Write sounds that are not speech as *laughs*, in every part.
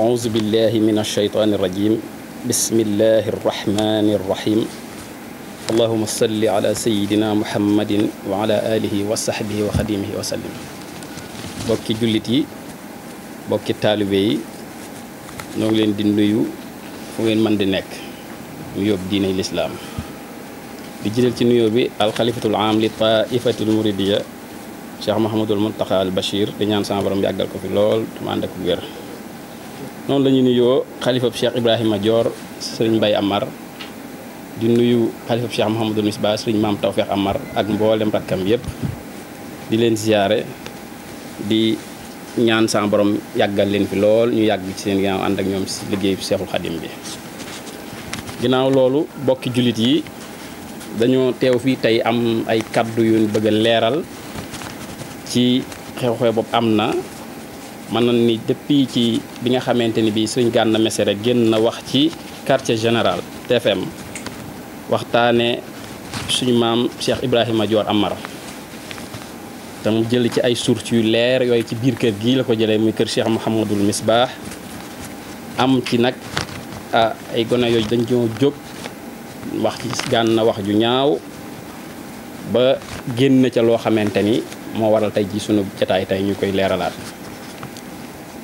أعوذ بالله من الشيطان الرجيم بسم الله الرحمن الرحيم اللهم صل على سيدنا محمد وعلى آله وصحبه وخديمه وسلم bokki jullit yi bokki taalibe yi ñoo ngi leen di nuyu fu ngeen mën di nekk ñu yóbbu diine lislaam di jëlal ci nuyoo bi alxalifatul am li taifatul muridiya cheikh mahamadul muntaxa al bachir di ñaan sama borom yàggal ko fi lool tuma ànd ak wér noonu la ñu nuyoo xalifab Cheikh Ibrahima Dior sëriñ Mbaye Amar di nuyu xalifab Cheikh Mouhamadou Misbah sëriñ maam Tawfeex Amar ak mboolem rakkam yépp di leen ziyaare di ñaan sa yàggal leen fi lool ñu yàgg ci seen ginnaaw ànd ak ñoom si liggéey Seexul Xadim bi ginnaaw loolu bokki jullit yi dañoo teew fii tey am ay kàddu yu bëgg leeral ci xew-xew boobu am na mën na ni depuis ci bi nga xamante ni bii Serigne Gana rek génn na wax ci quartier général TFM waxtaane suñu maam Cheikh Ibrahima Dior Amar te mu jël ci ay sources yu leer yooyu ci biir kër gi la ko jëlee muy kër Cheikh Mouhamadul Misbah am ci nag ah, ay gone yooyu dañ ñoo jóg wax ci na wax ju ñaaw ba génn ca loo xamante ni moo waral tey ji suñu jataay tey ñu koy leeralaat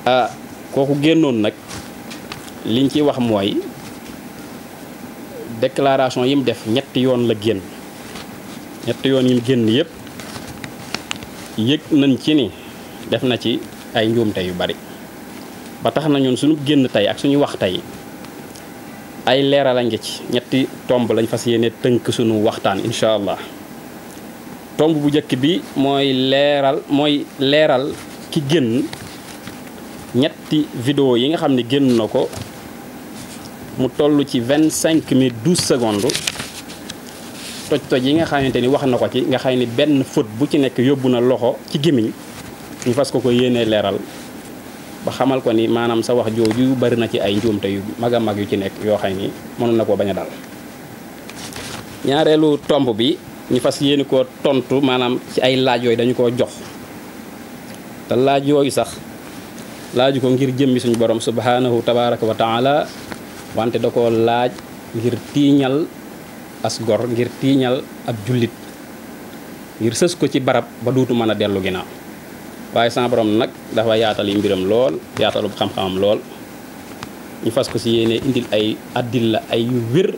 ah kooku génnoon nag liñ ci wax mooy déclaration yi def ñetti yoon la génn ñetti yoon yi mu génn yëpp yëg nañ ci ni def na ci ay njuumte yu bari ba tax na ñun suñu génn tey ak suñu wax tey ay leeral a ngi ci ñetti tomb lañ fas yéene tënk suñu waxtaan incha allah tomb bu njëkk bi mooy leeral mooy leeral ki génn ñetti video yi nga xam ne génn na ko mu toll ci vingt cinq minutes douze secondes toj-toj yi nga xamante ni wax na ko ci nga xay ni benn faute bu ci nekk yóbbu na loxo ci gémmiñ ñu fas ko ko yéene leeral ba xamal ko ni maanaam sa wax jooju bari na ci ay njuumte yu mag a mag yu ci nekk yoo xam ni mënoon na ko bañ a dal ñaareelu tomb bi ñu fas yéene ko tontu maanaam ci ay laaj yooyu dañu ko jox te laaj yooyu sax. laaju ko ngir jëmmi suñu borom subhaanahu tabaraka wa taala wante da ko laaj ngir tiiñal as gor ngir tiiñal ab jullit ngir sës ko ci barab ba duutu mën a dellu ginnaaw waaye sama nag dafa yaatal yi mbiram lool yaatalub xam-xamam lool ñu fas ko si yéene indil ay addil la ay yu wér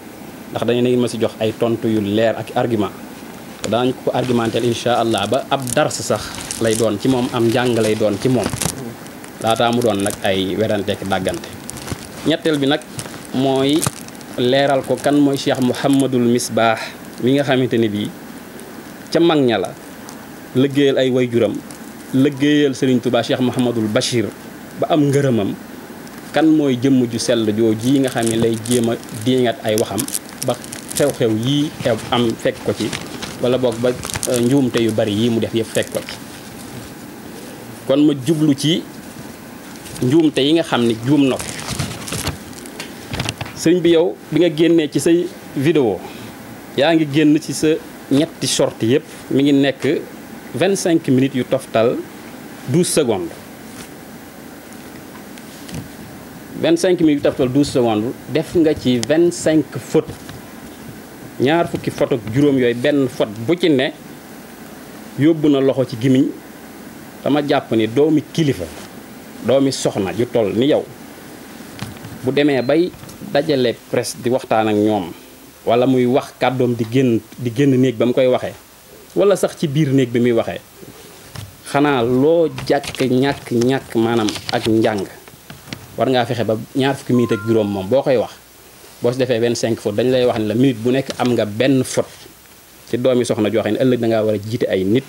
ndax dañu ne ma si jox ay tontu yu leer ak argument daañu ko argumenté incha allah ba ab dars sax lay doon ci moom am njàng lay doon ci moom laataa mu doon nag ay weranteek dàggante ñetteel bi nag mooy leeral ko kan mooy cheikh mouhamadul misbaax mi nga xamante ne bii ca mag ña la lëggéeyal ay wayjuram lëggéeyal sëriñ tubaa cheikh mouhamadul bachir ba am ngërëmam kan mooy jëmm ju sell joo ji nga xam ne lay jéem a ay waxam ba xew-xew yii xew am fekk ko ci walla boog ba eh, njuumte yu bari yii mu def yëpp fekk ko ci kon ma jublu ci njuumte yi nga xam ni juum na ko sëriñ bi yow bi nga génnee ci say vidéo yaa ngi génn ci sa ñetti short yëpp mi ngi nekk 25 minutes yu toftal 12 secondes 25 minutes yu toftal 12 secondes def nga ci 25 fautes ñaar fukki fautes yooyu benn fot bu ci ne yóbbu na loxo ci gimiñ dama jàpp ni doomi kilifa doomi soxna ju toll ni yow bu demee bay dajale presque di waxtaan ak ñoom walla muy wax kàddoom di génn di génn néeg ba mu koy waxee wala sax ci biir néeg bi muy waxee xanaa loo jàkk ñàkk ñàkk maanaam ak njàng war ngaa fexe ba ñaar fukki minute ak juróom moom boo koy wax boo si defee 25 fautes dañu lay wax ni la minute bu nekk am nga benn faute ci doomi soxna joo xam ne ëllëg da ngaa war a jiite ay nit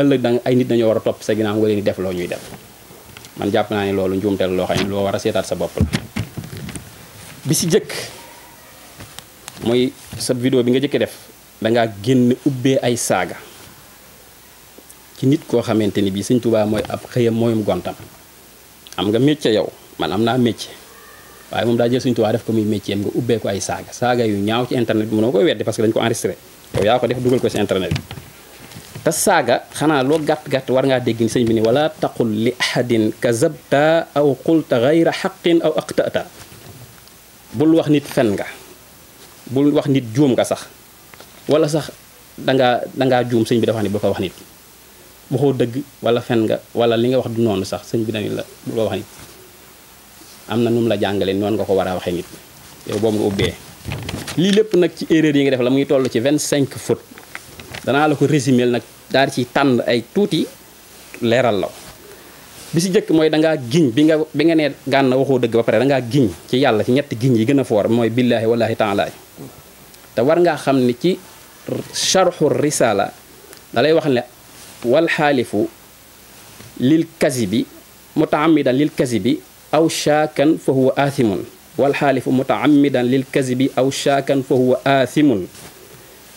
ëllëg da ay nit dañoo war a topp sa ginnaaw nga leen di def loo ñuy def man jàpp naa ne loolu njuumte la loo xam ne loo war a seetaat sa bopp la bi si jëkk mooy sa vidéo bi nga jëkke def dangaa génn ubbee ay saaga ci nit koo xamante ni bii sëñ Tuubaa mooy ab xëyam mooyum gontam am nga métier yow man am naa métier waaye moom daa jël sëñ Tuubaa def ko muy métier nga ubbee ko ay saaga saaga yu ñaaw ci internet bi mënoo koy weddi parce que dañ ko enregistré yow yaa ko def dugal ko si internet bi te saaga xanaa loo gàtt-gàtt war ngaa dégg ni sëñ bi ni wala taqul li ahadin kazabta aw qulta gayra xaqin aw aqtata bul wax nit fen nga bul wax nit juum nga sax wala sax dangaa dangaa juum sëñ bi dafa wax ni bul ko wax nit waxoo dëgg wala fen nga wala li nga wax du noonu sax sëñ bi dani la ko wax na nu la jàngalee noonu nga ko war a waxee nit yow boobu nga ubbee lii lépp nag ci erreur yi nga def la mu ngi toll ci 25 fautes danaa la ko résumer nag daal ci tànn ay tuuti leeral law bi si njëkk mooy da ngaa giñ bi nga bi nga nee gànn waxoo dëgg ba pare da giñ ci yàlla ci ñetti giñ yi gën a foor mooy billaahi wallaahi taalaay te war ngaa xam ne ci charxu risala dalay wax ne wal lil kasi bi mutaamidan lil kasi bi aw shaakan fa huwa aathimun wal xaalifu lil kasi bi aw shaakan fa huwa aathimun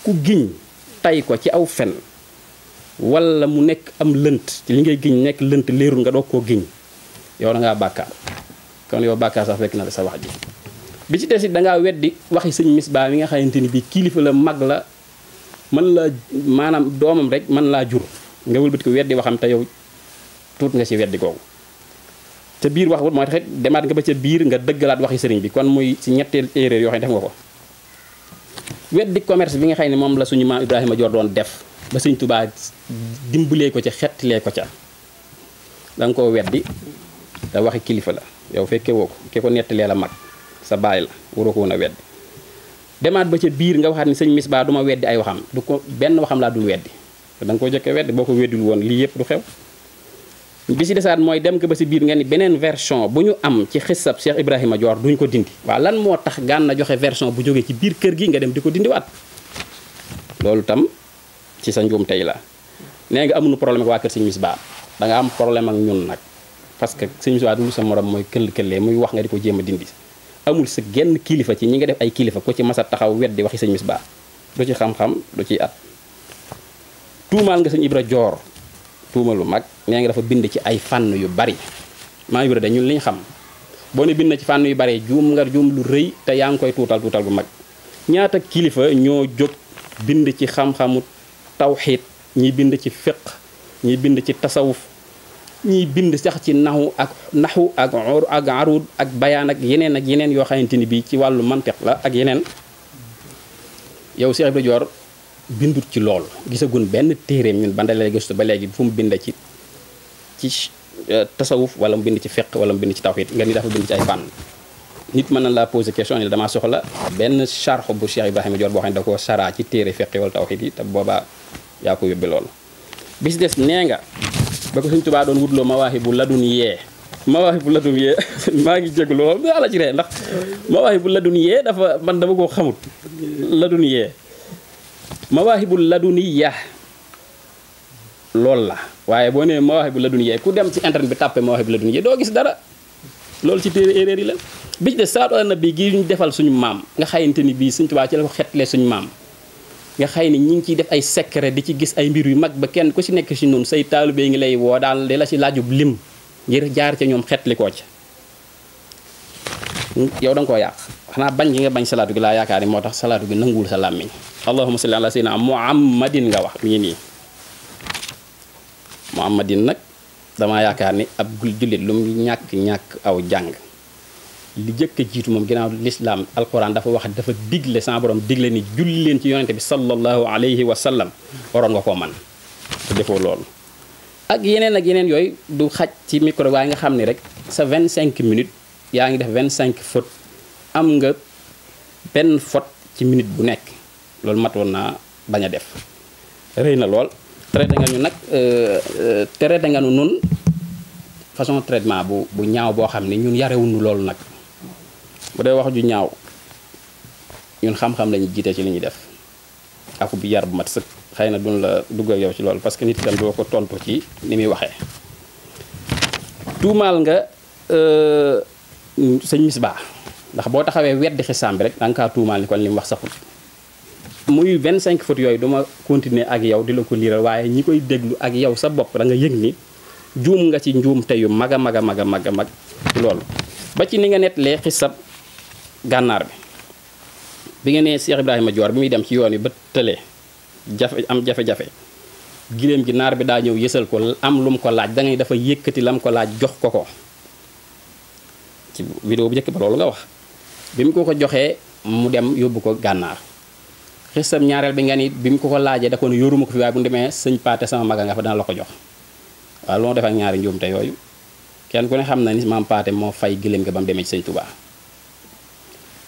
ku giñ tay ko ci aw fen wala mu nekk am lënt li ngay giñ nekk lënt leerul nga doog koo giñ yow da ngaa bàkkaar kon yow bàkkaar sax fekk na la sa wax ji bi ci des it da ngaa weddi waxi sëñ Misbaa mi nga xamante ni bii kilifa la mag la mën laa maanaam doomam rek mën laa jur nga wëlbati ko weddi waxam te yow tuut nga ci weddi googu te biir wax wut mooy nga ba ca biir nga dëggalaat waxi sëriñ bi kon muy si ñetteel erreur yoo xam def nga ko weddi commerce bi nga xam ne moom la suñu maam Ibrahima Joor doon def ba sëñ tubaa dimbalee ko ca xettilee ko ca da nga koo weddi te waxi kilifa la yow fekke woo ko ke ko nettalee la mag sa baay la waroo koo woon a weddi demaat ba ca biir nga waxaat ni sëñ Misbaa du ma weddi ay waxam du ko benn waxam laa dul weddi danga da nga ko jëkke weddi boo ko weddul woon lii yëpp du xew bi si desaat mooy dem ko ba si biir nga ni beneen version bu ñu am ci xisab Cheikh Ibrahima joor duñ ko dindi waa lan moo tax Gana joxe version bu jógee ci biir kër gi nga dem di ko dindiwaat loolu ci sa njuum tey la nee nga amuñu problème ak waa kër sëñ Misbaa da nga am problème ak ñun nag parce que sëñ Misbaa dul sa morom mooy këll këllee muy wax nga di ko jéem a dindi amul sa genn kilifa ci ñi nga def ay kilifa ko ci masa taxaw weddi waxi sëñ Misbaa du ci xam-xam du ci at tuumaal nga sëñ Ibra Joor tuuma lu mag nee nga dafa bind ci ay fànn yu bari maa Ibra da ñun liñ xam boo ne bind ci fànn yu bari juum nga juum lu rëy te yaa ngi koy tuutal tuutal bu mag ñaata kilifa ñoo bind ci xam tawxiid ñiy bind ci fiq ñiy bind ci tasawuf ñiy bind sax ci naxu ak naxu ak ak arud ak bayaan ak yeneen ak yeneen yoo xamante ni bii ci wàllu mantiq la ak yeneen yow Cheikh Ibrahima Dior bindut ci lool gisagun benn téeréem ñun bandale gëstu ba léegi fu mu bind ci ci euh, tasawuf wala mu bind ci fiq wala mu bind ci tawxiid nga ni dafa bind ci ay fànn nit mën na laa poser question ni damaa soxla benn charx bu Cheikh Ibrahima Dior boo xam ne da koo saraa ci téere fiqh wal tawhid yi te boobaa yaa ko yóbbi loolu bis des nee nga ba ko doon wutloo mawaahi bu ladun yee mawaahi bu ladun *laughs* maa ngi jégalu lool la ci bu ladun yee dafa man dama koo xamut ladun yee mawaahi bu ladun ya loolu la waaye boo nee mawaahi bu ladun yee ku dem si internet bi tàppe mawaahi bu yee doo gis dara loolu ci téere erreur yi la bi ci des salaatu ala nabi gi ñu defal suñu maam nga xayante ni bii Sëñ Tuubaa ci la ko xetlee suñu maam nga xay ni ñi ngi ciy def ay secret di ci gis ay mbir yu mag ba kenn ku ci nekk ci noonu say taalibe ngi lay woo daal di la ci laajub lim ngir jaar ca ñoom xetli koo ca hmm, yow da nga koo yàq xanaa bañ gi nga bañ salaatu gi laa yaakaar ni moo tax salaatu gi nanguwul sa làmmiñ allahumma salli ala sayyidina muhammadin nga wax mi ngi nii muhammadin nag damaa yaakaar ni ab jullit lu mu ñàkk-ñàkk aw jàng li jëkk jiitu moom ginnaaw lislaam alquran dafa wax dafa digle sama borom digle ni julli leen ci yonente bi sallallahu alayhi wa sallam waroon nga koo man te defoo loolu ak yeneen ak yeneen yooyu du xaj ci micro waaye nga xam ni rek sa vingt 25 minutes yaa ngi def cinq faute am nga benn faute ci minute bu nekk loolu mat woon naa bañ a def rëy na lool traité nga ñu nag euh, euh, traité nga nu nun façon traitement bu bu ñaaw boo xam ni ñun yarewuñu loolu nag bu dee wax ju ñaaw ñun xam-xam lañu jiite ci li ñuy def ak bu yar bu mat sëkk xëy na duñ la dugg ak yow ci loolu parce que nit tam doo ko tontu ci ni muy waxee tuumaal nga euh, sëñ Misbaa ndax boo taxawee weddi xisaam bi rek da nga kaa tuumaal ni kon li mu wax saxul muy 25 fautes yooyu duma continuer ak yow di la ko liiral waaye ñi koy déglu ak yow sa bopp da nga yëg ni juum nga ci njuumte yu mag a mag a mag a mag a mag loolu ba ci ni nga nettalee sa gànnaar bi bi nga nee Cheikh Ibrahima joor bi muy dem ci yoon wi ba tële jafe am jafe-jafe giléem gi naar bi daa ñëw yësal ko am lum ko laaj da ngay dafa yëkkati lam ko laaj jox ko ko ci bu njëkk ba loolu nga wax bi mu ko ko joxee mu dem yóbbu ko gànnaar xisam ñaareel bi nga ni bi mu ko ko laajee da ko ne yoruma ko fi waaye bu demee sëñ paate sama maga nga fa dana la ko jox waaw lu ma ñaari ak te njuumte yooyu kenn ku ne xam na ni maam paate moo fay gëléem nga ba mu demee ci sëñ tubaa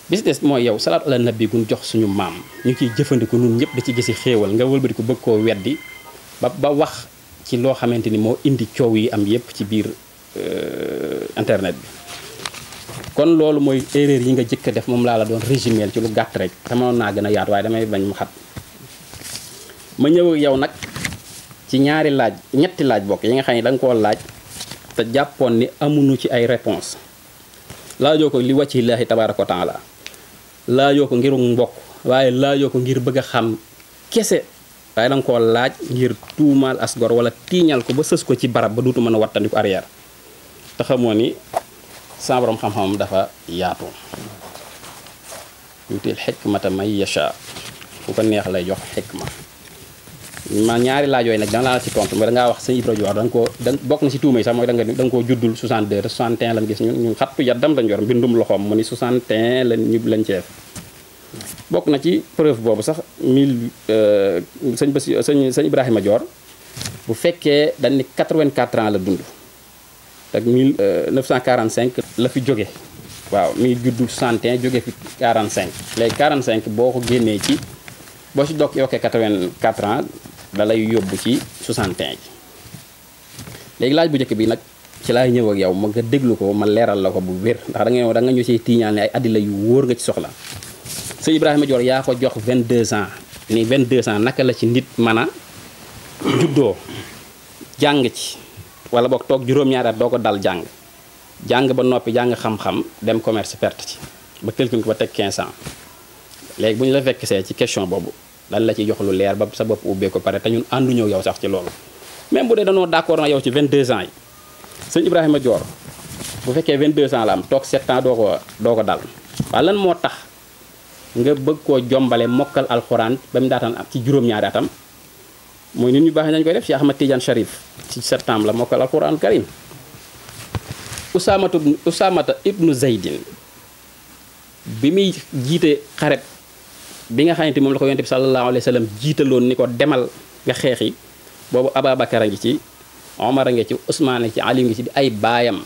bis des mooy yow salaat ala nabi gun jox suñu maam ñu ciy jëfandiku nun ñëpp da ci gisi xéewal nga wëlbati ko bëgg koo weddi ba ba wax ci loo xamante ni moo indi coow yi am yépp ci biir euh, internet bi kon loolu mooy erreur yi nga jëkk def moom laa la doon régimeel ci lu gàtt rek dama naa gën a yaatu waaye damay bañ mu xat ma ñëw yow nag ci ñaari laaj ñetti laaj bokk yi nga xam ne da ko koo laaj te jàppoon ni amuñu ci ay réponse laajoo ko li wàcci laahi tabaaraka wa taala laajoo ko ngir mbokk waaye laajoo ko ngir bëgg xam kese waaye da nga laaj ngir tuumaal asgor wala tiiñal ko ba sës ko ci barab ba duutu mën a wattandiku arrière te ni sama borom xam-xamam dafa yaatu ma xikmata may yasha ku ko neex lay jox xikma ma ñaari laaj yooyu nag dana laa ci tontu mais da ngaa wax sëñ Ibra Dior da nga koo da si tuuma yi sax mooy da nga da nga koo juddul 62 te 61 lan gis ñun ñun xattu yaddam lañ yor mbindum loxoom mu ni lañ ceef bokk na ci preuve boobu sax mille euh, sëñ Basi sëñ sëñ Ibrahima Dior bu fekkee dañ ni 84 ans la dund ak 1945 euh, la fi jóge waaw mi ngi juddu 61 jóge fi 45 léegi 45 boo ko génnee ci boo ci dokk yokkee 84 ans da yóbbu ci 61 ji léegi laaj bu njëkk bi nag ci laay ñëw ak yow ma nga déglu ko ma leeral la ko bu wér ndax da nga ñëw ñu see tiiñaal ne ay addi yu wóor nga ci soxla sëñ Ibrahima Dior yaa ko jox 22 ans ni 22 ans naka la ci nit mën a juddoo jàng ci wala boog toog juróom-ñaari doo ko dal jàng jàng ba noppi jàng xam-xam dem commerce perte ci ba calcul ko ba teg 15 ans léegi bu ñu la fekk see ci question boobu dañ la ciy jox lu leer ba sa bopp ubbee ko pare te ñun ànduñoo yow sax ci loolu même bu dee danoo d'accord na yow ci 22 ans yi sëñ Ibrahima joor bu fekkee 22 ans la am toog 7 ans doo ko doo ko dal waaye lan moo tax nga bëgg koo jombale mokkal alxuraan ba mu daataan ci juróom-ñaari atam mooy nit ñu baax nañ koy def Cheikh Ahmad Tidiane Sharif ci septembre la mokkal alquran karim usaamatu usaamata ibnu zaydin bi muy jiite xaret bi nga xamante moom la ko yonte bi sallallahu alayhi wa jiitaloon ni ko demal nga xeexi boobu Ababacar a ngi ci Omar a ngi ci Ousmane a ngi ci Ali ngi ci di ay baayam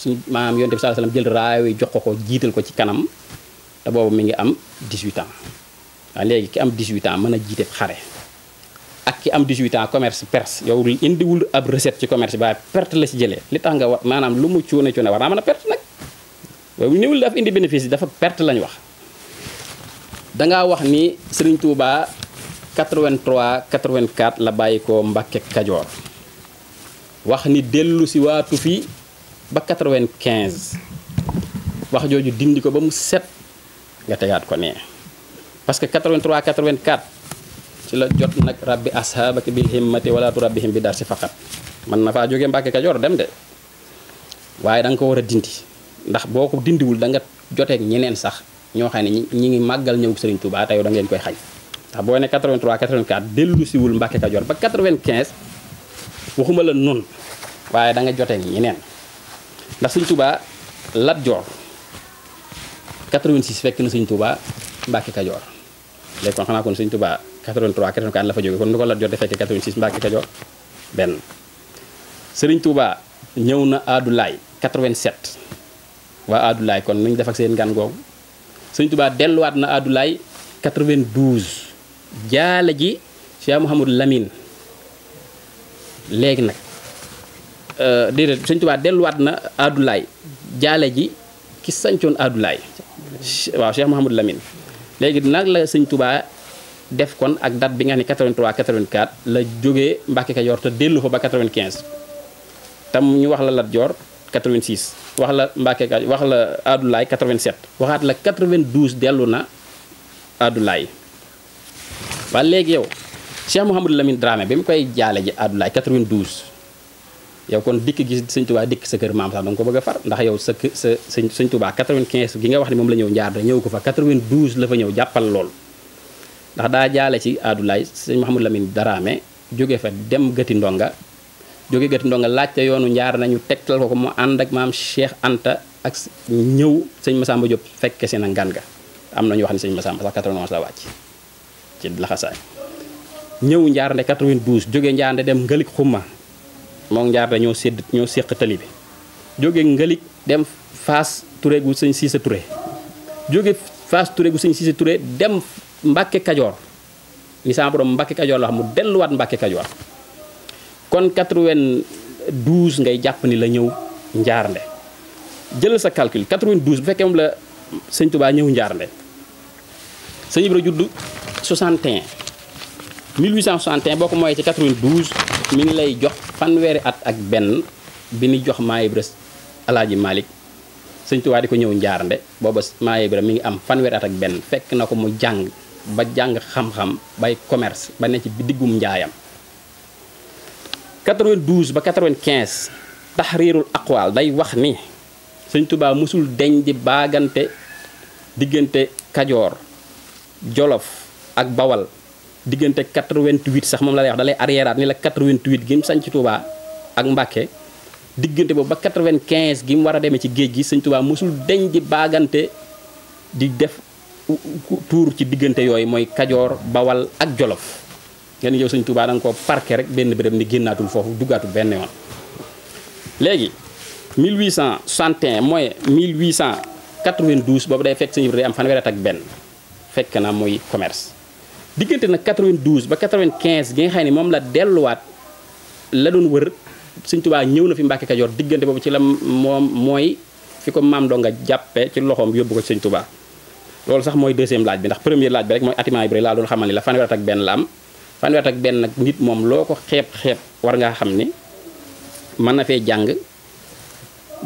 suñu maanaam yonte bi sallallahu alayhi jël raawe jox ko ko jiital ko ci kanam te boobu mi ngi am 18 ans waaw léegi ki am 18 ans mën a jiite xare ak ki am 18 ans commerce perse yow indiwul ab recette ci commerce bi waaye perte la ci jëlee li tax nga wax maanaam lu mu cuune cuune war naa mën a perte nag yow ñëwul dafa indi bénéfice dafa perte lañ wax dangaa wax ni Serigne Touba 83 84 la bàyyi ko Mbàkke Kajoor wax ni dellu si waatu fi ba 95 wax jooju dindi ko ba mu set nga tegaat ko nee parce que 83 84 ci la jot nag rabbi ashaabaka bil himmati wala tu rabbihim bi dar si faqat man na faa jóge Mbàkke Kajoor dem de waaye da ko war a dindi ndax boo ko dindiwul da nga joteeg ñeneen sax ñoo xam ne ñi ngi màggal ñëw Sëriñ tubaa tey da ngeen koy xañ ndax boo ne 83 84 dellu siwul Mbàkke Kajoor ba 95 waxuma la nun waaye da nga joteeg ñeneen ndax Sëriñ Tuubaa Lat Joor 86 fekk na Sëriñ Tuubaa Mbàkke Kajoor léegi kon xanaa kon Sëriñ Tuubaa 83 84 la fa jóge kon ni ko Lat Joor di fekkee 86 Mbàkke Kajoor benn Sëriñ Tuubaa ñëw na Aadulaay 87 waa Aadulaay kon nañ def ak seen gan googu Sëriñ Tuubaa delluwaat na Aadulaay 92 jaale ji Cheikh Mouhamadou lamin léegi nag euh, déedéet Sëriñ delluwaat na Aadulaay jaale ji ki sancoon Aadulaay waaw Cheikh Mouhamadou la Sëriñ Tuubaa def kon ak date bi nga xam ne 83 84 la jógee Mbàkke yor te dellu fa ba 95 tam ñu wax la Lat Joor 86 wax la Mbàkke wax la Adulaay 87 waxaat la 92 dellu na Adulaay waa léegi yow Cheikh Mouhamadou Lamine Dramé bi mu koy jaale ji Adulaay 92 yow kon dikk gi sëñ Tuubaa dikk sa kër maam sax danga ko bëgg a far ndax yow sa sa sëñ Tuubaa 95 gi nga wax ne moom la ñëw njaar da ñëw ko fa 92 la fa ñëw jàppal lool ndax daa jaale ci aadulaay sëñ Mouhamadou Lamine Daraame jóge fa dem gëti ndonga jóge gëti ndonga laajte yoonu njaar nañu tegtal ko ko mu ànd ak maam Cheikh Anta ak ñëw sëñ Massamba Diop fekke si na ngan ga am na ñu wax ne sëñ Massamba sax 91 la wàcc ci laxasaay ñëw njaarnde 92 jóge njaarnde dem ngëlik xumma moom njaarnde ñoo sédd ñoo séq tali bi jóge ngëlik dem faas Touré gu sëñ Cissé Touré jóge faas Touré gu sëñ Cissé Touré dem mbàkke kajoor ni sama borom mbàkke kajoor la xam mu delluwaat mbàkke kajoor kon 92 ngay jàpp ni la ñëw njaarnde jëlal sa calcul 92 bu fekkee moom la sëñ Touba ñëw njaarnde sëñ Ibra judd 61 1861 boo ko ci 92 mi ngi lay jox fanweeri at ak benn bi jox Maam Ibra Alaaji di ko ñëw njaarnde booba Maam Ibra mi ngi am fanweeri at ak benn fekk na ko mu jàng ba jàng xam-xam bay commerce ba ne ci bi diggum njaayam 92 ba 95 taxriirul aqwaal day wax ni sëñ tubaa mësul deñ di baagante diggante kajoor jolof ak bawal diggante 88 sax moom la lay wax da lay ni la 88 gi mu sañ ci tubaa ak mbàkke diggante boobu ba 95 gi mu war a demee ci géej gi sëñ tubaa mësul deñ di baagante di def tuur ci diggante yooyu mooy kajoor bawal ak jolof ngeen yow sëñ Tuubaa da nga ko parqué rek benn béréb ni génnaatul foofu duggaatu benn yoon léegi 1861 mooy 1892 boobu day fekk sañu Ibra day am benn fekk na muy commerce diggante nag 92 ba 95 gi nga xay ni moom la delluwaat la doon wër sëñ Tuubaa ñëw na fi Mbàkke Kajoor diggante boobu ci la moom mooy fi ko maam doo nga jàppe ci loxoom yóbbu ko sëñ Tuubaa loolu sax mooy deuxième laaj bi ndax premier laaj bi rek mooy Atima Ibra laa doon xamal ni la fanweer ak benn la am fanweer ak benn nag nit moom loo ko xeeb xeeb war ngaa xam ni mën na fee jàng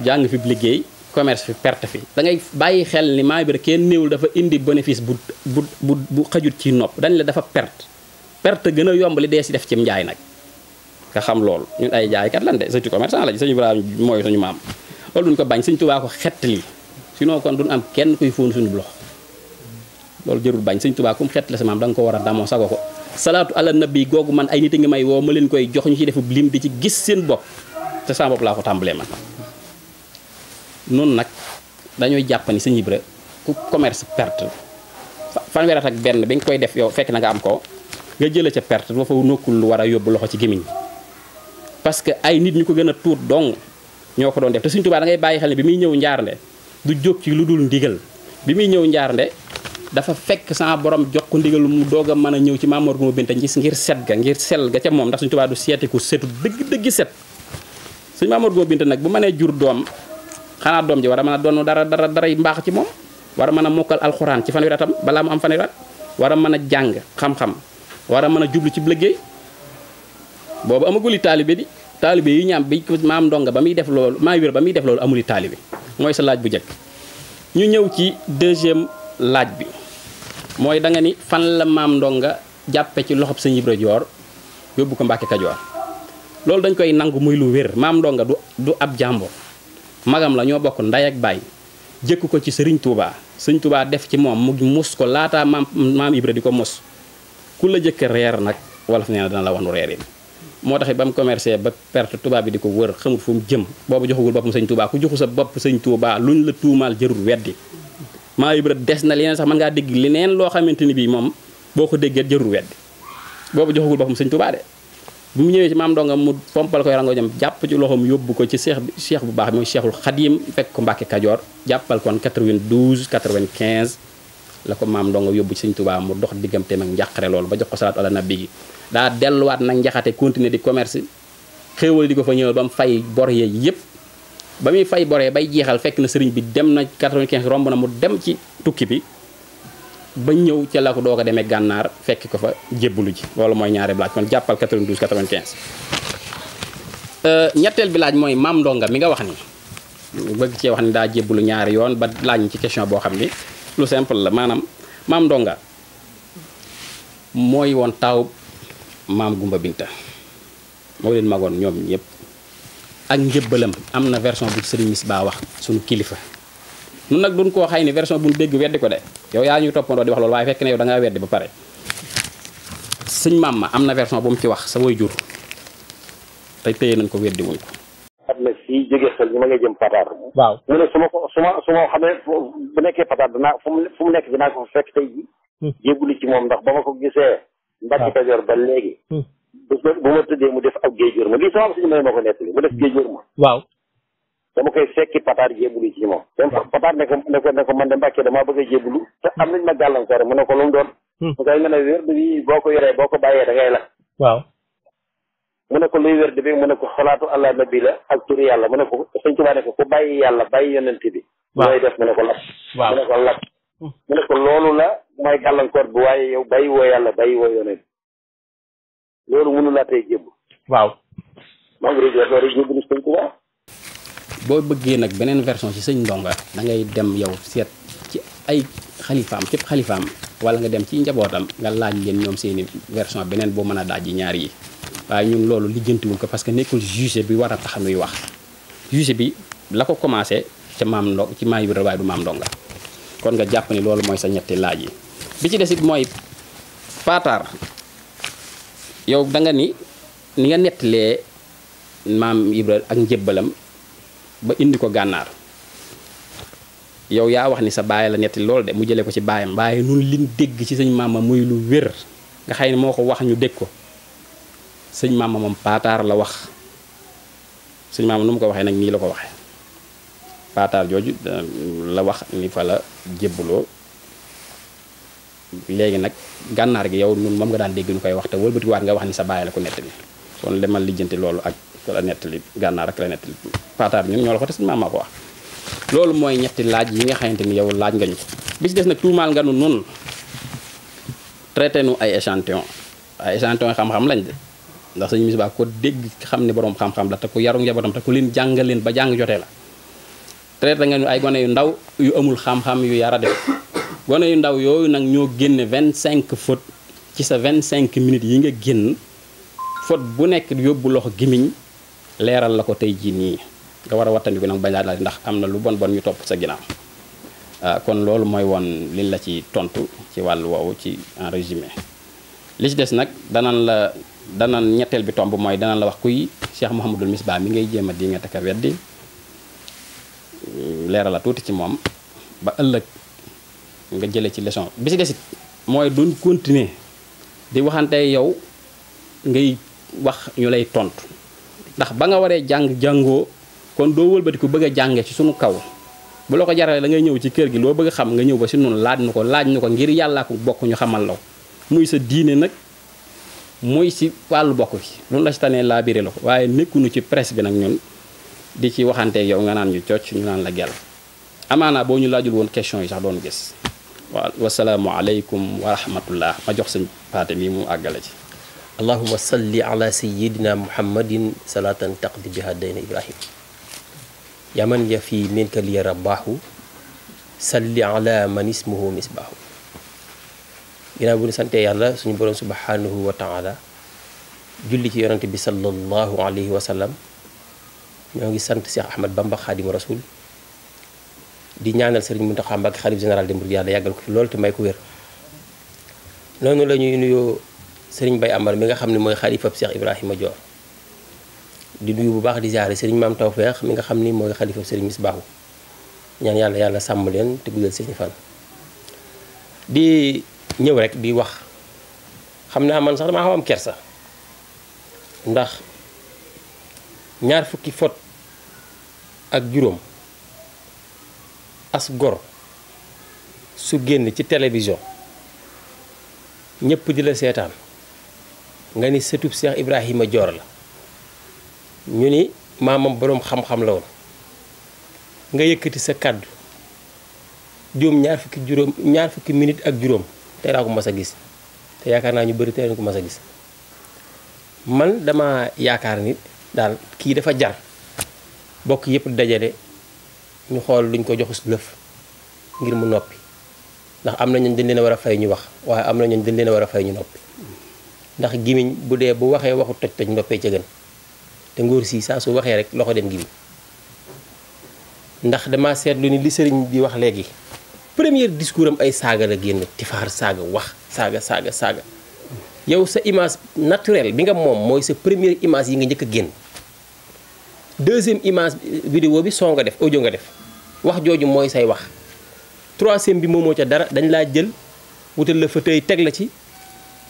jàng fi liggéey commerce fi perte fi da ngay bàyyi xel ni Maam Ibra kenn néewul dafa indi bénéfice bu bu bu bu xajut ci nopp dañ la dafa perte perte gën a yomb li dee si def ci njaay nag nga xam loolu ñun ay jaaykat lan de sëtu commerçant la ji sëñ Ibrahima mooy suñu maam loolu duñ ko bañ sëñ Tuubaa ko xett li sinon kon duñ am kenn kuy fóon suñu loxo loolu jërul bañ sëñ tubaa kum xeet la sa maam da ko war a damoo sago ko salaatu ala nabi googu man ay nit a ngi may woo ma leen koy jox ñu ci defub lim di ci gis seen bopp te sama bopp laa ko tàmbalee man nag dañooy jàpp ni sëñ Ibra commerce perte fanweer at ak benn bi koy def yow fekk na am ko nga jëlee ca perte ba fa nokkul lu war a yóbbu loxo ci gémmiñ parce que ay nit ñu ko gën a tuut dong ñoo ko doon def te sëñ tubaa da ngay bàyyi xel ne bi muy ñëw njaarnde du jóg ci lu dul ndigal bi muy ñëw njaarnde dafa fekk sama borom jox ko ndigal mu doog mën a ñëw ci Mamour Guma Binta gis ngir set ngir sel ga ca moom ndax suñu Tuubaa du seeti ku setu dëgg dëgg set suñu Mamour Guma nag bu mënee jur doom xanaa doom ji war a dara dara daray mbaax ci moom war a mën a mokkal alxuraan ci fanweeri atam balaa mu am fanweeri at war a mën a jàng xam war a mën a jublu ci liggéey boobu amaguli taalibe di taalibe yi ñaam bi maam ndonga ba muy def loolu maa wér ba muy def loolu amuli taalibe mooy sa laaj bu njëkk ñu ñëw ci deuxième laaj bi mooy da nga ni fan la maam ndonga jàppe ci loxob sëñ Ibra Joor yóbbu ko Mbàkke Kajoor loolu dañ koy nangu muy lu wér maam ndonga du du ab jàmbur magam la ñoo bokk nday ak baay jëkk ko ci sëriñ tuubaa sëñ Touba def ci moom mu mus ko laataa maam maam Ibra di ko mos ku la jëkk reer nag wolof nee na dana la wanu reerin moo tax ba mu ba perte Touba bi di ko wër xamul fu mu jëm boobu joxagul boppam sëñ Touba ku joxu sa bopp sëñ lu ñu la tuumaal jërul weddi maa ibra des na leneen sax mën ngaa dégg leneen loo xamante ni bii moom boo ko déggee jarul weddi boobu joxagul boppam sëñ Tuubaa de bu mu ñëwee ci maam dongam mu pompal koy rango jam jàpp ci loxoom yóbbu ko ci seex seex bu baax bi mooy seexul xadiim fekk ko Mbàkke Kajoor jàppal kon 92 95 la ko maam ndongo yóbbu ci sëñ Tuubaa mu dox digganteem ak njàqare loolu ba jox ko salaatu na bi gi daa delluwaat nag njaxate continuer di commerce xéewal di ko fa ñëwal ba fay bor yee yëpp ba muy fay boree bay jeexal fekk na sëriñ bi dem na 95 romb na mu dem ci tukki bi ba ñëw ca la ko doo ko demee gànnaar fekk ko fa jébbalu ji loolu mooy ñaari laaj kon jàppal 92 95. Euh, ñetteel bi laaj mooy maam ndonga mi nga wax ni bëgg cee wax ni daa jébbalu ñaari yoon ba laaj ñu ci question boo xam ni lu simple la maanaam maam ndonga mooy woon taw maam Gumba Binta moo leen magoon ñoom ñëpp. ak njëbbalam am na version bu sëriñ Misbaa wax suñu kilifa nun nag duñ koo xay ni version buñ dégg weddi ko de yow yaa ñuy toppandoo di wax loolu waaye fekk ne yow da weddi ba pare sëñ maam ma am na version bu mu ci wax sa way jur tey téye nañ ko weddi wuñ ko am na fii jóge xel ñu ma ngay jëm pataar waaw mu ne su ma ko su ma su ma xamee bu nekkee pataar danaa fu mu nekk dinaa ko fekk tey ji jébbalu hmm. moom ndax ba ma ko gisee Mbàkke Kajoor ba léegi hmm. bu ma tëddee mu def ab géej wér ma lii sama suñu may moo ko nettali mu def géej wér ma waaw dama koy fekki pataar jébulu ci moom dem pataar ne ko ne ko ne ko man de mbàkkee damaa bëgg a jébulu te am nañ ma gàllankoor mu ne ko lu doon hmm. mu a boo ko yoree boo ko bàyyee da ngay la waaw mu ne ko luy wér bi ne ko xalaatu allah nabi la ak turi yàlla mu ne ko sëñ Tuubaa ne yàlla bàyyi yonent bi looy def ne ko lap mu ne ko lap hmm. mu ne ko loolu la mooy gàllankoor bi waaye yow bàyyi woo yàlla bàyyi woo yonent loolu mënu laa tey waaw. boo bëggee nag beneen version ci sëñ Ndonga da ngay dem yow seet ci ay xalifaam képp xalifaam wala nga dem ci njabootam nga laaj leen ñoom seeni version beneen boo mën a daaj ji ñaar yi waaye ñun loolu lijjantiwuñ ko parce que nekkul juge bi wara a tax nuy wax juge bi la ko commencé ca maam ndo ci maam Ibra waaye du maam Ndonga kon nga jàpp ni loolu mooy sa ñetti laaj yi bi ci des mooy paataar yow danga ni ni nga nettalee maam Ibra ak njëbbalam ba indi ko gànnaar yow yaa wax ni sa baay la netti lool de mu jëlee ko ci baayam waaye nun li dégg ci sëñ maama muy lu wér nga xëy ne moo ko wax ñu dégg ko sëñ maama moom paataar la wax sëñ maama nu mu ko waxee nag nii la ko waxee paataar jooju euh, la wax ni fa la jébbaloo léegi nag gànnaar gi yow nun moom nga daan dégg ñu koy wax te wëlbatikuwaat nga wax ni sa bàyyi la ko nettali kon ma lijjanti loolu ak la nettali gànnaar ak la nettali paataar ñun ñoo la ko te suñu ko loolu mooy ñetti laaj yi nga xamante ni yow laaj nga ñu ko bis des nag nga nu nun traité nu ay échantillon ay échantillon xam-xam lañ de ndax sëñ Misbaa ko dégg xam ne borom xam-xam la te ku yaru njabootam te ku leen jàngal leen ba jàng jotee la traité nga nu ay gone yu ndaw yu amul xam-xam yu yara def gone yu ndaw yooyu nag ñoo génne vingt cinq fautes ci sa vingt cinq minutes yi nga génn foot bu nekk yóbbu loxo gimiñ leeral la ko tey jii nii nga war a wattandiku nag bañ ndax am na lu bon bon ñu topp sa ginnaaw ah, kon loolu mooy woon liñ la ci tontu ci wàll woowu ci en résumé li ci des nag danan la danan ñetteel bi tomb mooy danan la wax kuy Cheikh Mouhamadul Misbah mi ngay jéem a di nga takk a weddi leeral la tuuti ci moom ba ëllëg nga jëlee ci leçon bi si desit mooy du continuer di waxante yow ngay wax ñu lay tontu ndax ba nga waree jàng jàngoo kon doo wëlbati ko bëgg a jànge ci sunu kaw bu la ko jaralee da ngay ñëw ci kër gi loo bëgg xam nga ñëw ba si noonu laaj nu ko laaj nu ko ngir yàllaa ko bokk ñu xamal law muy sa diine nag muy si wàllu bokk bi loolu la si laa biré la ko waaye nekkunu ci presse bi nag ñun di ci waxanteeg yow nga naan ñu cocc ñu naan la gel amaanaa boo ñu laajul woon question yi sax doon gis wasalaamualeykum wa rahmatullah ma jox sëñ Paate mi mu àggale ci allahuma salli ala sayidina muhammadin salatan taqdi biha dayna ibrahim yaman ya fi minka liya rabbaahu salli ala man ismuhu misbaahu ginnaaw bu ñu santee yàlla suñu boroom subhanahu wa taala julli ci yonante bi sallallahu alayhi wa sallam ñoo ngi sant Cheikh Ahmad Bamba Xaadimu Rasul di ñaanal mu Serigne Mountakha Mbacké xalif général des mourides yàlla yàggal ko fi loolu te may ko wér noonu la ñuy nuyoo sëriñ bay Amar mi nga xam ne mooy xalifab Cheikh Ibrahima Dior di nuyu bu baax di ziare Serigne Maam Tawfeex mi nga xam ni mooy xalifab Serigne Misbaahu ñaan yàlla yàlla sàmm leen te guddal fan di ñëw rek di wax xam naa man sax damaa xaw am kersa ndax ñaar fukki fot ak juróom as gor su génn ci télévision ñëpp di la seetaan nga ni sëtub Cheikh Ibrahima Dior la ñu ni maamam boroom xam-xam la woon nga yëkkati sa kàddu juróom ñaar fukki juróom ñaar fukki minute ak juróom tey laa ko mas a gis te yaakaar naa ñu bëri tey ko mas gis man dama yaakaar ni daal kii dafa jar bokk yëpp dajale ñu xool luñ ko joxus lëf ngir mu noppi ndax am na ñun dañ leen war a fay ñu wax waaye am na ñun dañ leen war a fay ñu noppi ndax gimiñ bu dee bu waxee waxu toj toj noppee ca gën te ngóor si saa su waxee rek loxo dem gimiñ ndax dama seetlu ni li sëriñ bi wax léegi premier discours am ay saaga la génn tifaar saaga wax saaga saaga saaga yow sa image naturelle bi nga moom mooy sa première image yi nga jëkk a génn deuxième image vidéo bi soo nga def audio nga def wax jooju mooy say wax troisième bi moomoo ca dara dañ laa jël wutal la fa tey teg la ci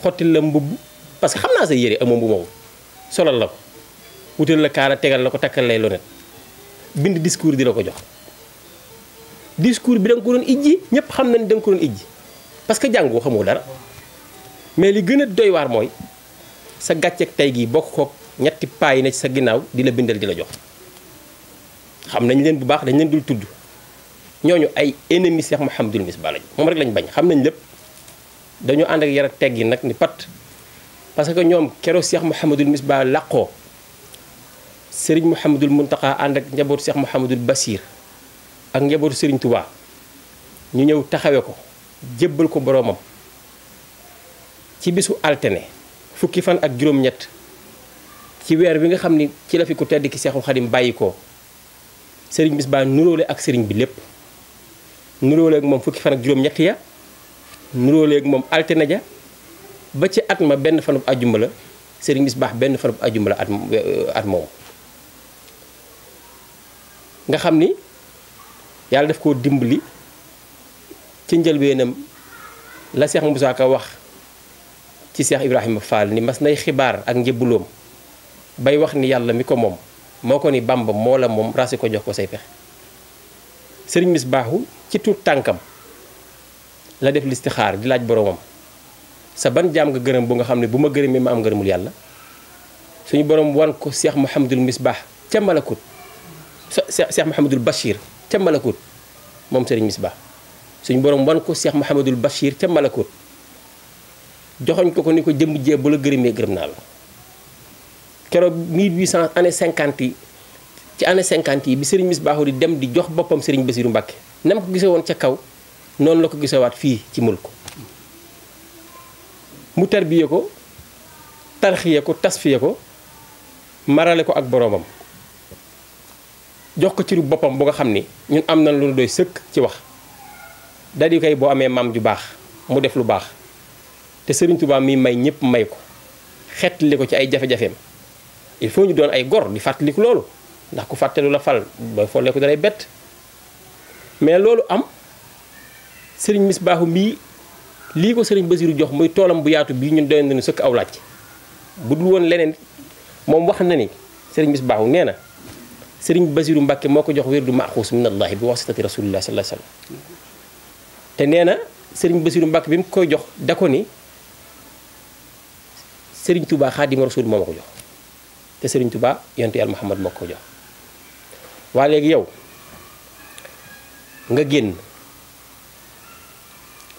xottil la mbubb parce que xam naa sa yére amoo bu moomu solal la ko wutal la kaala tegal la ko takkal lay lonet bind discours di la ko jox discours bi da nga ko doon ijji ñëpp xam nañ da nga ko doon ijji parce que jàngoo xamoo dara mais li gën a doy waar mooy sa gàcceeg tey gii bokk ko ñetti paa yi ne ci sa ginnaaw di la bindal di la jox xam nañ leen bu baax dañu leen dul tudd ñooñu ay ennemi Cheikh Mouhamadul Misbah lañu moom rek lañ bañ xam nañ lépp dañoo ànd ak yar ak teggi nag ni pat parce que ñoom keroog Cheikh Mouhamadul Misbah làqoo Serigne Mouhamadul Muntaqa ànd ak njabootu Cheikh Mouhamadul Basir ak njabootu Serigne tubaa ñu ñëw taxawe ko jébbal ko boromam ci bisu altine fukki fan ak juróom-ñett ci weer bi nga xam ni ci la fi ku tedd ki Seexu Xadim bàyyi ko sëriñ Misbaa nuróole ak sëriñ bi lépp nuróole ak moom fukki fan ak juróom-ñett ya nuróole ak moom altine ja ba ci at ma benn fanub ajjuma la sëriñ Misbaa benn fanub ajjuma at euh, at moom nga xam ni yàlla def koo dimbali ci njëlbeenam la Seex Musaa wax ci Seex Ibrahima Fall ni mas nay xibaar ak njëbbuloom bay wax ni yàlla mi ko moom moo ko ni bamba moo la moom raasi ko jox ko say pexe sëriñ mis ci tuut tànkam la def listixaar di laaj boromam sa ban jaam nga gërëm bu nga xam ne bu ma gërëmee ma am ngërëmul yàlla suñu borom wan ko seex Mouhamadul Misbaax ca Malakut seex Mouhamadul Bachir ca Malakut moom sëriñ Misbaax suñu borom wan ko seex Mouhamadul Bachir ca Malakut joxoñ ko ko ni ko jëm jee bu la gërëmee gërëm naa la. keroog 1800 année 50 yi ci année 50 yi bi Serigne Misbaahu di dem di jox boppam Serigne Bassirou Mbacké nam ko gise woon ca kaw noonu la ko gisewaat fii ci mulk mu tarbiye ko tarxiye ko tasfiye ko marale ko ak boroomam jox ko ciru boppam bu nga xam ni ñun am na lu dooy sëkk ci wax da di boo amee maam ju baax mu def lu baax te Serigne Touba mi may ñëpp may ko xettali ko ci ay jafe-jafeem il faut ñu doon ay gor di fàttaliku loolu ndax ku fàttelu la fal booy folleeku dalay bett mais loolu am sëriñ Misbaahu mbii lii ko sëriñ Basiru jox muy toolam bu yaatu bii ñun doy nañu sëkk aw laaj bu dul woon leneen moom wax na ni sëriñ Misbaahu nee na sëriñ Basiru Mbàkke moo ko jox wér du maxuus minallahi bi wasitati rasulillah sallallahu alayhi wasallam te nee na sëriñ Basiru Mbàkke bi mu koy jox da ko ni sëriñ Tuubaa Xaadimu Rasul moo ma ko jox te Serigne Touba yontu yàlla Muhammad moo ko jox waa léegi yow nga génn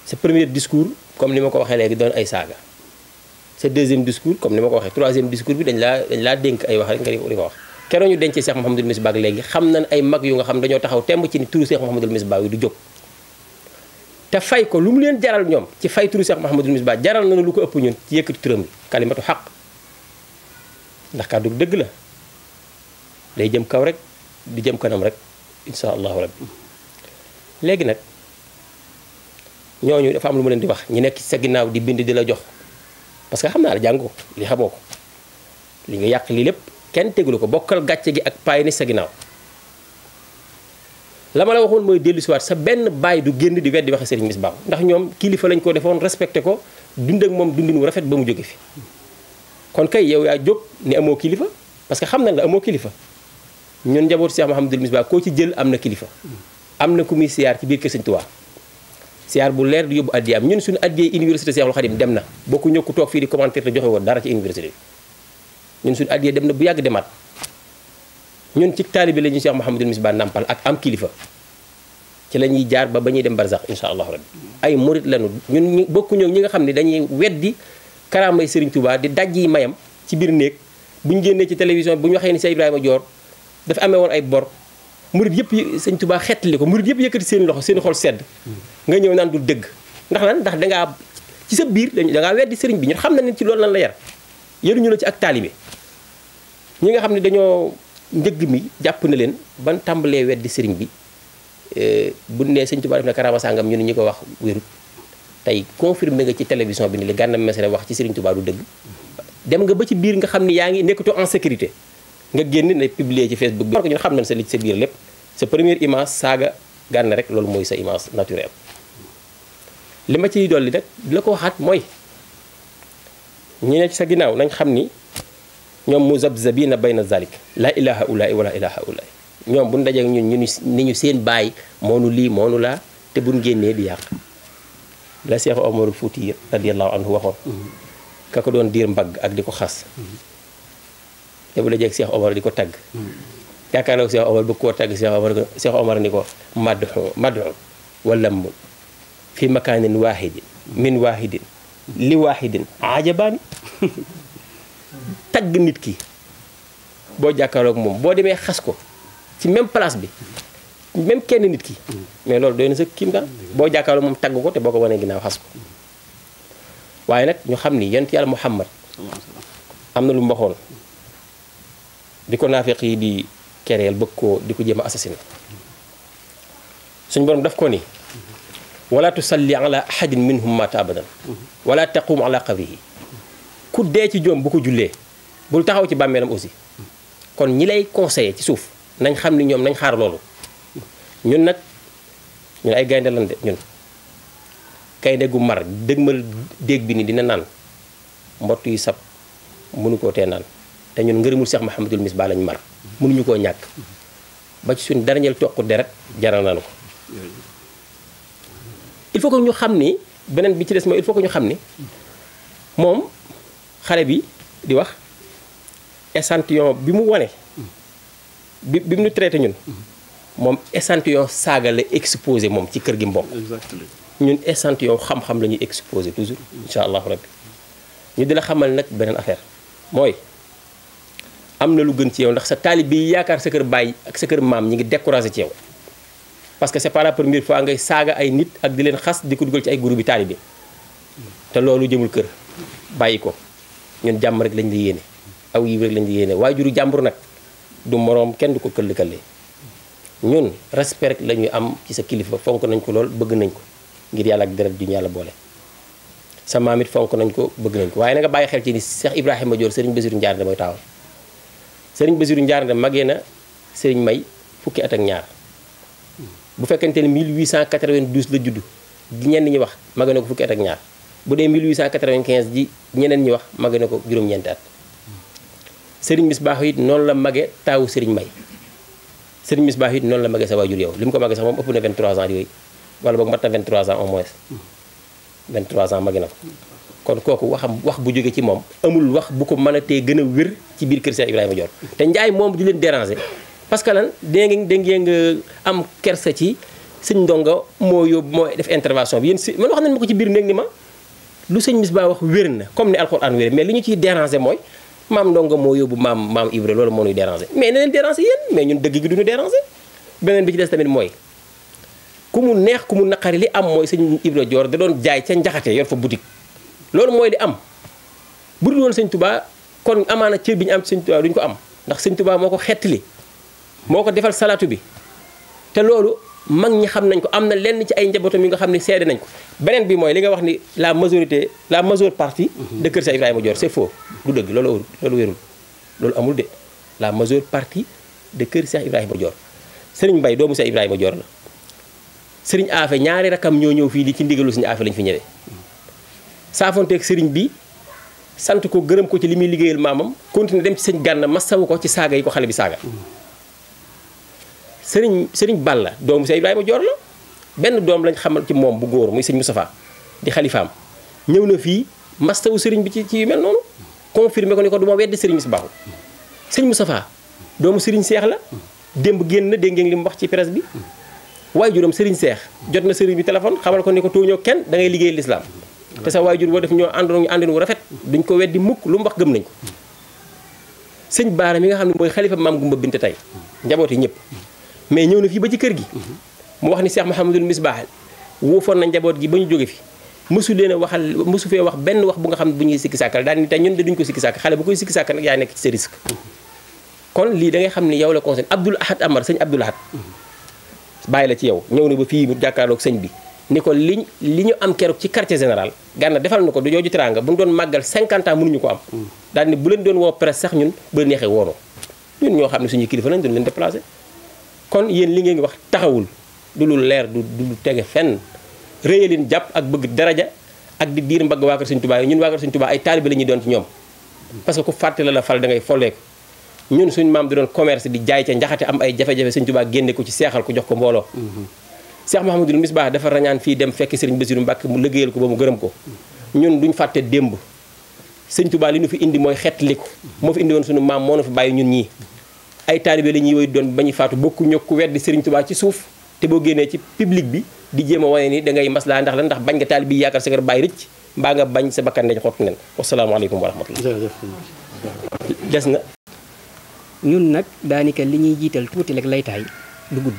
sa premier discours comme ni ma ko waxee léegi doon ay saaga sa deuxième discours comme ni ma ko waxee troisième discours bi dañ laa dañ laa dénk ay wax rek nga di ko wax keroog ñu dencee Cheikh Mouhamadul Misbah léegi xam nañ ay mag yu nga xam dañoo taxaw temb ci ni turu Cheikh Mouhamadul Misbah yi du jóg te fay ko lu mu leen jaral ñoom ci fay turu Cheikh Mouhamadul Misbah jaral na lu ko ëpp ñun ci yëkkati turam bi kalimatu ndax kàddu dëgg la day jëm kaw rek di jëm kanam rek insha allahu rabbi léegi nag ñooñu dafa am lu mu leen di wax ñu nekk sa ginnaaw di bind di la jox parce que xam naa la jàngoo li xamoo ko li nga yàq lii lépp kenn tegulu ko bokkal gàcce gi ak paay ni sa ginnaaw la ma la waxoon mooy dellu siwaat sa benn baay du génn di weddi waxe sëriñ Misbaaw ndax ñoom kilifa lañ ko defoon respecté ko dund ak moom dundi wu rafet ba mu jóge fi kon kay yow yaa jóg ne amoo kilifa parce que xam nañ la amoo kilifa ñun njabootu Cheikh Mouhamadul Misbah koo ci jël am na kilifa am na ku muy siyaar ci biir kër Sëñ Tuubaa siyaar bu leer di yóbbu addiya am ñun suñu addiya université Cheikhul Khadim dem na bokku ñëw ku toog fii di commentaire te joxe woon dara ci université bi ñun suñu addiya dem na bu yàgg demaat ñun ci taalibe la ñu Cheikh Mouhamadul Misbah nampal ak am kilifa ci la ñuy jaar ba ba ñuy dem barzax insha allahu rabbi ay murit lañu ñun ñi nga xam ne dañuy weddi karaamay Serigne tubaa di daj yi mayam ci biir néeg bu ñu génnee ci télévision bu ñu waxee ni Cheikh Ibrahima joor dafa amee woon ay bor murit yëpp Serigne Touba xettali ko murit yëpp yëkkati seen loxo seen xol sedd nga ñëw naan du dëgg ndax lan ndax dangaa ci sa biir dangaa weddi Serigne bi ñu xam na ne ci loolu lan la yar yaruñu la ci ak taalibe ñi nga xam ne dañoo njëgg mi jàpp na leen ban tàmbalee weddi sëriñ bi eh, bu nee Serigne Touba def na karaama sàngam ñu ne ñi ko wax wérut tey confirmé nga ci télévision bi ni li Gana Messere wax ci Serigne Touba du dëgg dem nga ba ci biir nga xam ni yaa ngi nekkatu en sécurité nga génn ne publier ci Facebook bi. parce que xam nañ sa li ci sa biir lépp sa première image saaga Gana rek loolu mooy sa image naturelle li ma ciy dolli nag la ko waxaat mooy ñu ne ci sa ginnaaw nañ xam ni ñoom mu zabzabina bayna zalik la ilaha ulaay wala ilaha ulaay ñoom bu ñu dajee ñu ni ñu seen baay moonu lii moonu laa te buñ génnee di yàq la Cheikh Omarul Fouti radiyallahu anhu waxoon ka ko doon diir mbagg ak di ko xas dafa la jeeg Cheikh Omar di ko tagg yaakaaroo Cheikh Omar bëgg koo tagg Cheikh Omar Cheikh Omar ni ko madhu madhu wala mun fi makaanin waahidin min waahidin li waahidin ajabaani *laughs* tagg nit ki boo jàkkaarloog moom boo demee xas ko ci même place bi même kenn nit ki. mais loolu doy na sa kiim kan boo jàkkaarloo moom tagg ko te boo ko wanee ginnaaw xas ko waaye nag ñu xam ni yent yàlla Muhammad am na lu mu waxoon di ko naafeq yi di kereel bëgg koo di ko jéem a assassiné suñu borom daf ko ni wala tusalli ala ahadin minhum mata abadan wala taqum ala yi ku dee ci joom bu ko jullee bul taxaw ci bàmmeelam aussi kon ñi lay conseillé ci suuf nañ xam ni ñoom nañ xaar loolu ñun nag ñun ay gaynde lan de ñun gaynde gu mar dëgmal déeg bi ni dina naan mbott yu sab mënu koo tee naan te ñun ngërëmul Cheikh Mouhamadul baa lañu mar mënuñu koo ñàkk ba ci suñ dernier toq deret jaral nañu ko il faut que ñu xam ni beneen bi ci des mooy il faut ñu xam ni moom xale bi di wax échantillon bi mu wane bi bi mu traité ñun moom échantillon saaga la exposé moom ci kër gi mbokk ñun échantillon xam-xam la exposé toujours incha allah rabbi ñu dina xamal nag beneen affaire mooy am na lu gën ci yow ndax sa taalib bi yaakaar sa kër bàyyi ak sa kër maam ñi ngi découragé ci yow parce que c'est par la première fois ngay saaga ay nit ak di leen xas di ko dugal ci ay groupe bi taalibe te loolu jëmul kër bàyyi ko ñun jàmm rek lañ la yéene aw yiw rek lañ la yéene waaye juru jàmbur nag du moroom kenn du ko këll ñun respect la ñu am ci sa kilifa fonk nañ ko lool bëgg nañ ko ngir yàlla ak deret ju yàlla boole sa maam it fonk nañ ko bëgg nañ ko waaye na nga bàyyi xel ci ni Cheikh Ibrahima Dior Serigne Bassirou Ndiarandé mooy taawam Serigne Bassirou Ndiarandé magee na Serigne May fukki ak ñaar bu fekkente ne 1892 la judd di ñenn ñi wax magee na ko fukki ak ñaar bu dee 1895 ji ñeneen ñi wax magee na ko juróom-ñeenti at it noonu la mage taawu Serigne May sëriñ Misbah it noonu la magee sa waajur yow li mu ko magee sax moom ëpp na 23 ans yooyu wala boog mat na 23 ans au moins 23 ans magi na ko kon kooku waxam wax bu jógee ci moom amul wax bu ko mën a tee gën a wér ci biir kër Cheikh Ibrahima Dior te njaay moom di leen déranger parce que lan dégg ngeen dégg ngeen am kersa ci sëñ ndongo moo yóbbu moo def intervention bi yéen si man wax nañ ma ko ci biir néeg ni ma lu sëñ Misbah wax wér na comme ni mais li ñu ciy déranger mooy maam ndongo moo yóbbu maam maam Ibra loolu moo ñuy déranger mais na leen déranger yéen mais ñun dëgg gi du ñu déranger beneen bi ci des tamit mooy ku mu neex ku mu naqari li am mooy sëñ Ibra Joor da doon jaay ca njaxate yor fa boutique loolu mooy di am bu dul woon sëñ Tubaa kon amaana cër bi ñu am sëñ Tubaa duñ ko am ndax sëñ Tubaa moo ko li moo ko defal salaatu bi te loolu mag ñi xam nañ ko am na lenn ci ay njabootam mi nga xam ne seede nañ ko beneen bi mooy li nga wax ni la majorité la majeure parti de Kër Cheikh Ibrahima Dior c'est faux du dëgg loolu loolu wérul loolu amul de la majeure partie de Kër Cheikh Ibrahima Dior sëriñ Mbaye doomu Cheikh Ibrahima Dior la sëriñ Afe ñaari rakam ñoo ñëw fii li ci ndigalu Serigne Afe lañ fi ñëwee saafonteeg sëriñ bi sant ko gërëm ko ci li muy liggéeyal maamam continuer dem ci sëñ gànn masawu ko ci saaga yi ko xale bi saaga sëriñ sëriñ Balla doomu Seydou Ibrahima Dior la benn doom lañ xamal ci moom bu góor muy sëñ Moustapha di xalifaam ñëw na fii wu sëriñ bi ci ci mel noonu confirmé ko ni ko du ma weddi sëriñ si baaxu sëñ Moustapha doomu sëriñ seex la démb génn na dégg ngeen li mu wax ci presse bi waaye juram sëriñ seex jot na sëriñ bi téléphone xamal ko ni ko tooñoo kenn da ngay liggéey lislaam te sa waajur woo def ñoo àndoon ñu àndin wu rafet duñ ko weddi mukk lu mu wax gëm nañ ko sëñ Baara mi nga xam ne mooy xalifa maam Gumba Binte tey njaboot yi ñëpp mais ñëw na fii ba ci kër gi mu wax ni Cheikh Mouhamadul Misbaax wóofoon na njaboot gi ba ñu jóge fi mësu leen a waxal mësu fee wax benn wax bu nga xam ne bu ñuy sikki sàkkal daal ni te ñun de duñ ko sikki sàkkal xale bu koy sikki sàkkal nag yaa kon lii da xam ne yow la conseil Abdoul Ahad Amar sëñ Abdoul bàyyi la ci yow ñëw na ba fii mu jàkkaarloog sëñ bi ni ko liñ li ñu am keroog ci quartier général gànna defal na ko du jooju teraanga bu ñu doon màggal 50 ans ko am daal ni bu leen doon woo presse sax ñun ba neexee woonoo ñun ñoo xam ne suñuy kilifa lañ doon leen déplacé kon yéen li ngeen wax taxawul du lu leer du du tege fenn réye jàpp ak bëgg daraja ak di diir mbagg waa kër Sëñ Tuubaa yi ñun waa kër Sëñ ay taalibe la ñuy doon ci ñoom parce que ku fàtte la la fal da ngay folleeku ñun suñ maam da doon commerce di jaay ca njaxate am ay jafe-jafe Sëñ Tuubaa génne ko ci seexal ko jox ko mbooloo Seex mhm. Mahamadul Misbah dafa rañaan fii dem fekk Sëriñ Basiru Mbàkke mu liggéeyal ko ba mu gërëm ko ñun duñ fàtte démb Sëñ Tuubaa li ñu fi indi mooy xettali ko moo fi indi suñu maam moo nu fi bàyyi ñun ñii ay taalibe la ñuy woy doon bañu faatu bokku ñëw ku weddi Serigne Touba ci suuf te boo génnee ci public bi di jéem a wane ni da ngay maslaa ndax la ndax bañ nga taalibe yi yaakaar sa kër bàyyi rëcc mbaa nga bañ sa bakkan dañ xott nen wasalaamaaleykum wa rahmatullah des na ñun nag daanika li ñuy jiital tuuti rek lay taay du gudd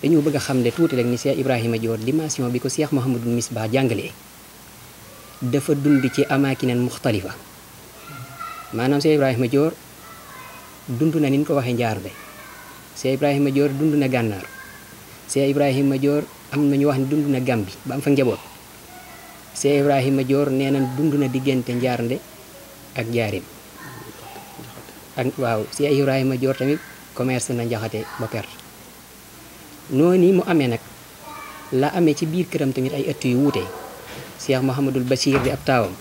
dañoo bëgg xam ne tuuti rek ni Cheikh Ibrahima Dior dimension bi ko Cheikh Mouhamadul Misbah jàngalee dafa dund ci amaakinan muxtalifa maanaam Cheikh Ibrahima Dior dund na niñ ko waxee njaarde Cheikh Ibrahima joor dund na gànnaar Cheikh Ibrahima Dior am na ñu wax ne dund na Gàmbi ba am fa njaboot Cheikh Ibrahima joor nee na dund na diggante njaarnde ak jaarim ak waaw Cheikh Ibrahima joor tamit commerce na njaxate ba perte noonu mu amee nag la amee ci biir këram tamit ay ëtt yu wuute Cheikh Mouhamadul Bachir di ab taawam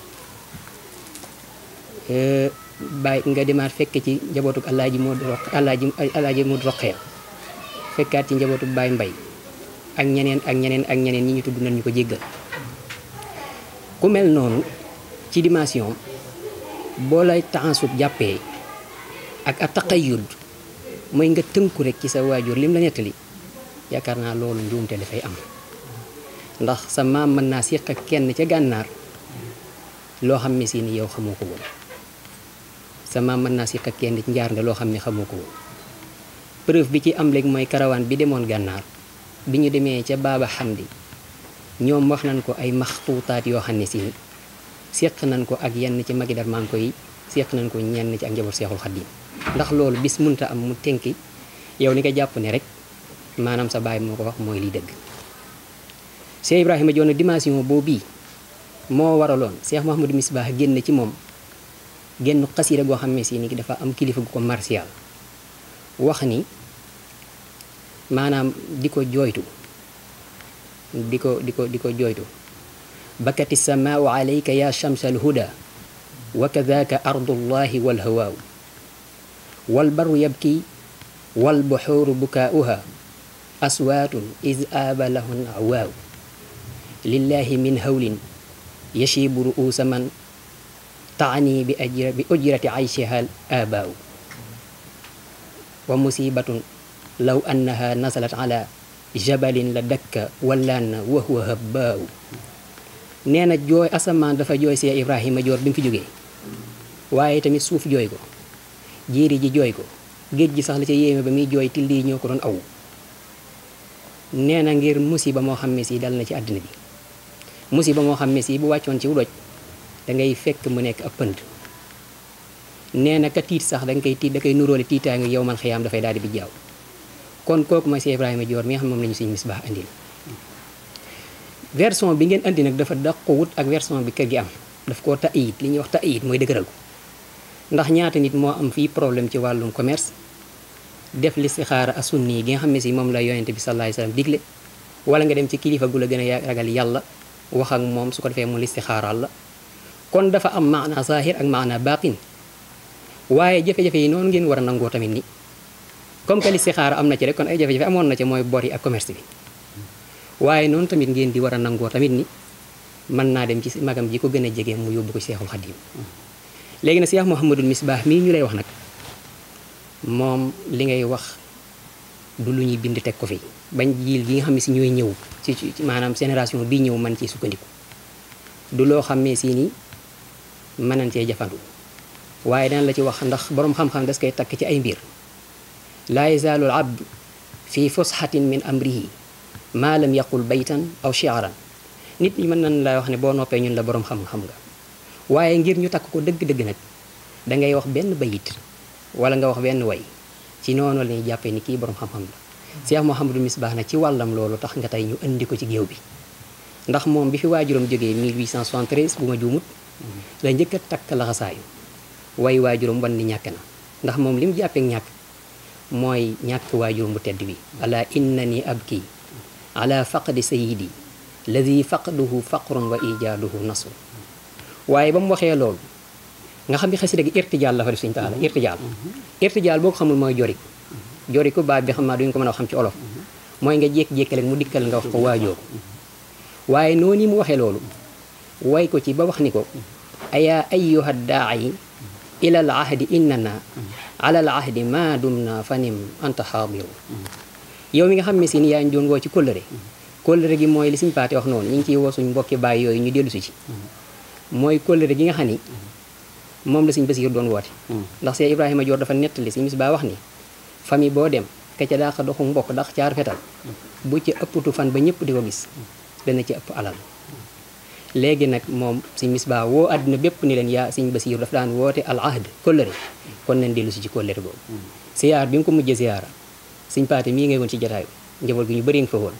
bàyyi nga demaat fekk ci njabootu Alaaji Moodu Roq Alaaji Alaaji Moodu Roqee fekkaat ci njabootu Baay Mbay ak ñeneen ak ñeneen ak ñeneen ñi ñu tudd nañ ñu ko jéggal ku mel noonu ci dimension boo lay taasub jàppee ak a taqayud mooy nga tënku rek ci sa waajur lim la nettali yaakaar naa loolu njuumte dafay am ndax sa maam mën naa séq ak kenn ca gànnaar loo xam ne si ni yow xamoo ko woon sama mën naa si ak kenn ci njaar nde loo xam ne xamu ko woon preuve bi ci am léegi mooy karawaan bi demoon gànnaar bi ñu demee ca baaba di ñoom wax nañ ko ay maxtuutaat yoo xam ne si seq nañ ko ak yenn ci magi dar maa ngi koy nañ ko ñenn ci ak njaboot seexul xaddiim ndax loolu bis munta am mu tenk yow li nga jàpp ne rek maanaam sa baay moo ko wax mooy liy dëgg Cheikh Ibrahima Joon dimension boobu bii moo waraloon Cheikh Mouhamadou Misbah génn ci moom genn xasida goo xam ne si ni ki dafa am kilifa gu ko martial wax ni di ko jooytu di ko di ko di ko jooytu bakati samaau alayka ya chamsa alhuda wa kadaka ardu llahi yabki walbuxuuru bukaauha aswaatun is aaba lahun awaaw lillahi min hawlin yashibu ruusa taani bi ajira bi ujrati ayshiha al abaau wa musibatun law annaha nasalat jabalin la dakka walaan wa huwa habbaaw na jooy asamaan dafa jooy see ibrahima joor bi mu fi jógee waaye tamit suuf jooy ko jiiri ji jooy ko géej gi sax la ca yéeme ba muy jooy tilli yi ñoo ko doon aw nee na ngir musiba moo xam ne si dal na ci àddina bi musiba moo xam ne si bu wàccoon ci wu da ngay fekk mu nekk ak pënd nee na ka tiit sax da nga koy tiit da koy nuróole tiitaay nga yow man xiyaam dafay daal di bijjaaw kon kooku mooy Cheikh Ibrahima Dior mi nga xam moom la ñu Sëriñ Misbah andil version bi ngeen andi nag dafa dàqu wut ak version bi kër gi am daf koo ta'yid li ñuy wax ta'yid mooy dëgëral ndax ñaata nit moo am fii problème ci wàllum commerce def listixaara asunni gi nga xam ne si moom la yonente bi sallallahu alayhi wasallam digle wala nga dem ci kilifa gu la gën a ragal yàlla wax ak moom su ko defee mu listixaaral la kon dafa am maana zaahir ak maana baatin waaye jafe-jafe yi noonu ngeen war a nangoo tamit ni comme que listixaara am na ci rek kon ay jafe-jafe amoon na ci mooy bor yi ak commerce bi waaye noonu tamit ngeen di war a nangoo tamit ni mën naa dem ci magam ji ko gën a jege mu yóbbu ko Seexul Xadiim léegi nag Seex Muhammadul baax mii ñu lay wax nag moom li ngay wax du lu ñuy bind teg ko fi bañ jiil gi nga xam ne si ñooy ñëw ci maanaam génération bii ñëw man ci sukkandiku mën nañ cee jafandu waaye dana la ci wax ndax boroom xam-xam das koy takk ci ay mbir laa yazaalu al abd fi fusxatin min amrihi maa lam yaqul baytan aw chiaran nit ñi mën nañ laay wax ne boo noppee ñun la boroom xam-xam nga waaye ngir ñu takk ko dëgg-dëgg nag da ngay wax benn bayit wala nga wax benn way ci noonu la ñuy jàppee ni kii boroom xam-xam la Cheikh Mouhamadou Misbah na ci wàllam loolu tax nga tey ñu indi ko ci géew bi ndax moom bi fi waajuram jógee 1873 bu ma juumut day njëkk a takk laxasaayu way waajuram wan ni ñàkk na ndax moom li mu jàppee ñàkk mooy ñàkk waajuram bu tedd bi ala innani abki ala faqdi sayidi faq faqduhu faqrun wa ijaaduhu nasru waaye ba mu waxee loolu nga xam ne xasida gi irtijaal la fa def sëñ taala irtijaal irtijaal boo ko xamul mooy jori ko baab bi xam naa duñ ko mën a xam ci olof mooy nga jékki-jékki rek mu dikkal nga wax ko waajoo ko waaye noonu mu waxee loolu way ko ci ba wax ni ko yaa ayyuha daa'i ila al ahdi innana na al ahdi ma na fanim anta xaadiru yow mi nga xam ne si yaa ñu doon woo ci kóllëre kóllëre gi mooy li suñ paate wax noonu ñu ngi ciy woo suñ mbokki baay yooyu ñu dellu si ci mooy kóllëre gi nga xam ni moom la suñ Basiir doon woote ndax Seex Ibrahima Joor dafa nettali suñ bis baa wax ni famille boo dem ka ca daax doxu mbokk ndax caar fetal bu ci ëpptu fan ba ñëpp di ko gis dana ci ëpp alal léegi nag moom sëñ Misbaa woo àdduna bépp ni leen yaa sëñ Basiiru dafa daan woote al ahd kóllëre kon nañ dellu si ci kóllëre boobu siyaar hmm. bi mu ko mujjee siyaara sëñ Paate mii ngay woon ci jataay bi njaboot ñu bëri nga fa woon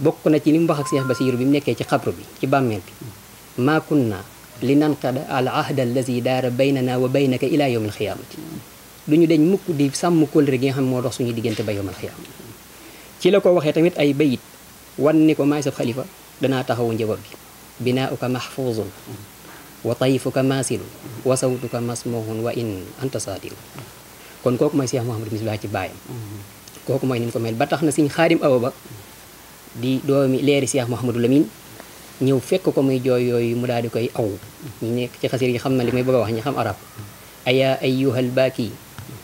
bokk na ci li mu wax ak Seex Basiiru bi mu nekkee ci xabru bi ci bàmmeel bi hmm. maa kunna li nanqada al ahda allazi daara baynana wa baynaka ila yawm al xiyaamati du ñu deñ mukk di sàmm kóllëre gi nga xam moo dox suñu diggante ba yawm al ci la ko waxee tamit ay bayit wan ni ko maay sa xalifa danaa taxawu njaboot gi binaauka mahfuuzun wa tayfuka maasilu wa sawtuka masmuhun wa in anta saadiru kon kooku mooy Cheikh Mouhamadou Misbah ci baayam kooku mooy ni mu ko mel ba tax na Sëriñ Xaadim Awa Ba di doomi leeri Cheikh Mouhamadou Lamine ñëw fekk ko muy jooy yooy mu daal di koy aw ñu nekk ci xasir yi xam na li may bëgg a wax ñi xam arab ayaa ayyuhal baaki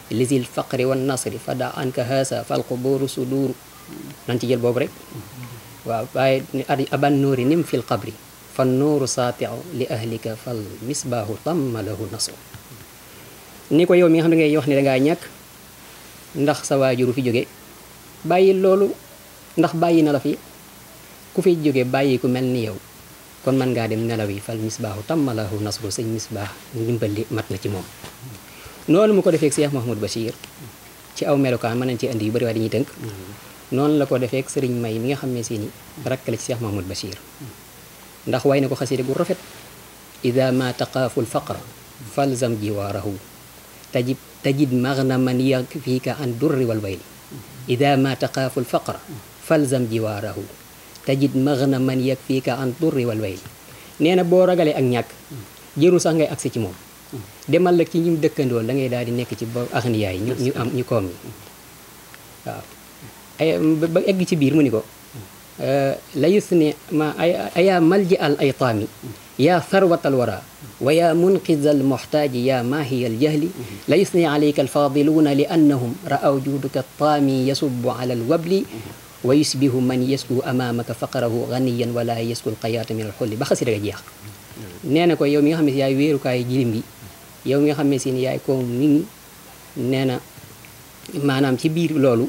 lizil faqri wan nasri fada anka haasa fal quburu suduuru nan ci jël boobu rek waaw waaye nim fil qabri fan nuuru saatiu li ahlika fal misbaahu tamma lahu nasu ni ko yow mi nga xam ne ngay wax ni dangaa ñàkk ndax sa waajuru fi jóge bàyyi loolu ndax bàyyi na la fi ku fi jóge bàyyi ku mel ni yow kon mën ngaa dem nelaw yi fal misbaahu tamma lahu nasru sëñ misbaax ndimbal li mat na ci moom noonu mu ko defee defeek Cheikh Mouhamadou Bachir ci aw melokaan mën nañ ci indi yu bari waaye dañuy tënk mm-hmm. noonu la ko defee sëriñ may mi nga xam ne seeni rakk la ci Cheikh Mouhamadou Bachir ndax way na ko xasida gu rafet ida ma taqaafu lfaqra falzam jiwaarahu tajib tajid magnaman yakfiika an fii walbayli ida ma taqaafu lfaqra falzam jiwaarahu tajid magnaman yakfiika an durri walbayli nee na boo ragalee ak ñàkk jërul sax ngay agsi ci moom demal la ci ñu dëkkandoo la ngay daal di nekk ci ba axniyaay ñu am ñu koom egg ci biir mu ni ko la yusni ma ayaa malji al aytaami yaa sarwatal wara wa yaa munqiza al muxtaaji yaa maahiya al jahli la yusni alayka al faadiluuna li annahum ra'aw juuduka taami yasubu ala al wabli wa yusbihu man yasku amaamaka faqarahu ganiyan wala yasku al qayaata min al xulli ba xasida ga jeex nee na ko yow mi nga xam ne si yaay wéerukaayu jirim bi yow mi nga xam ne si yaay ko nit ñi nee na maanaam ci biir loolu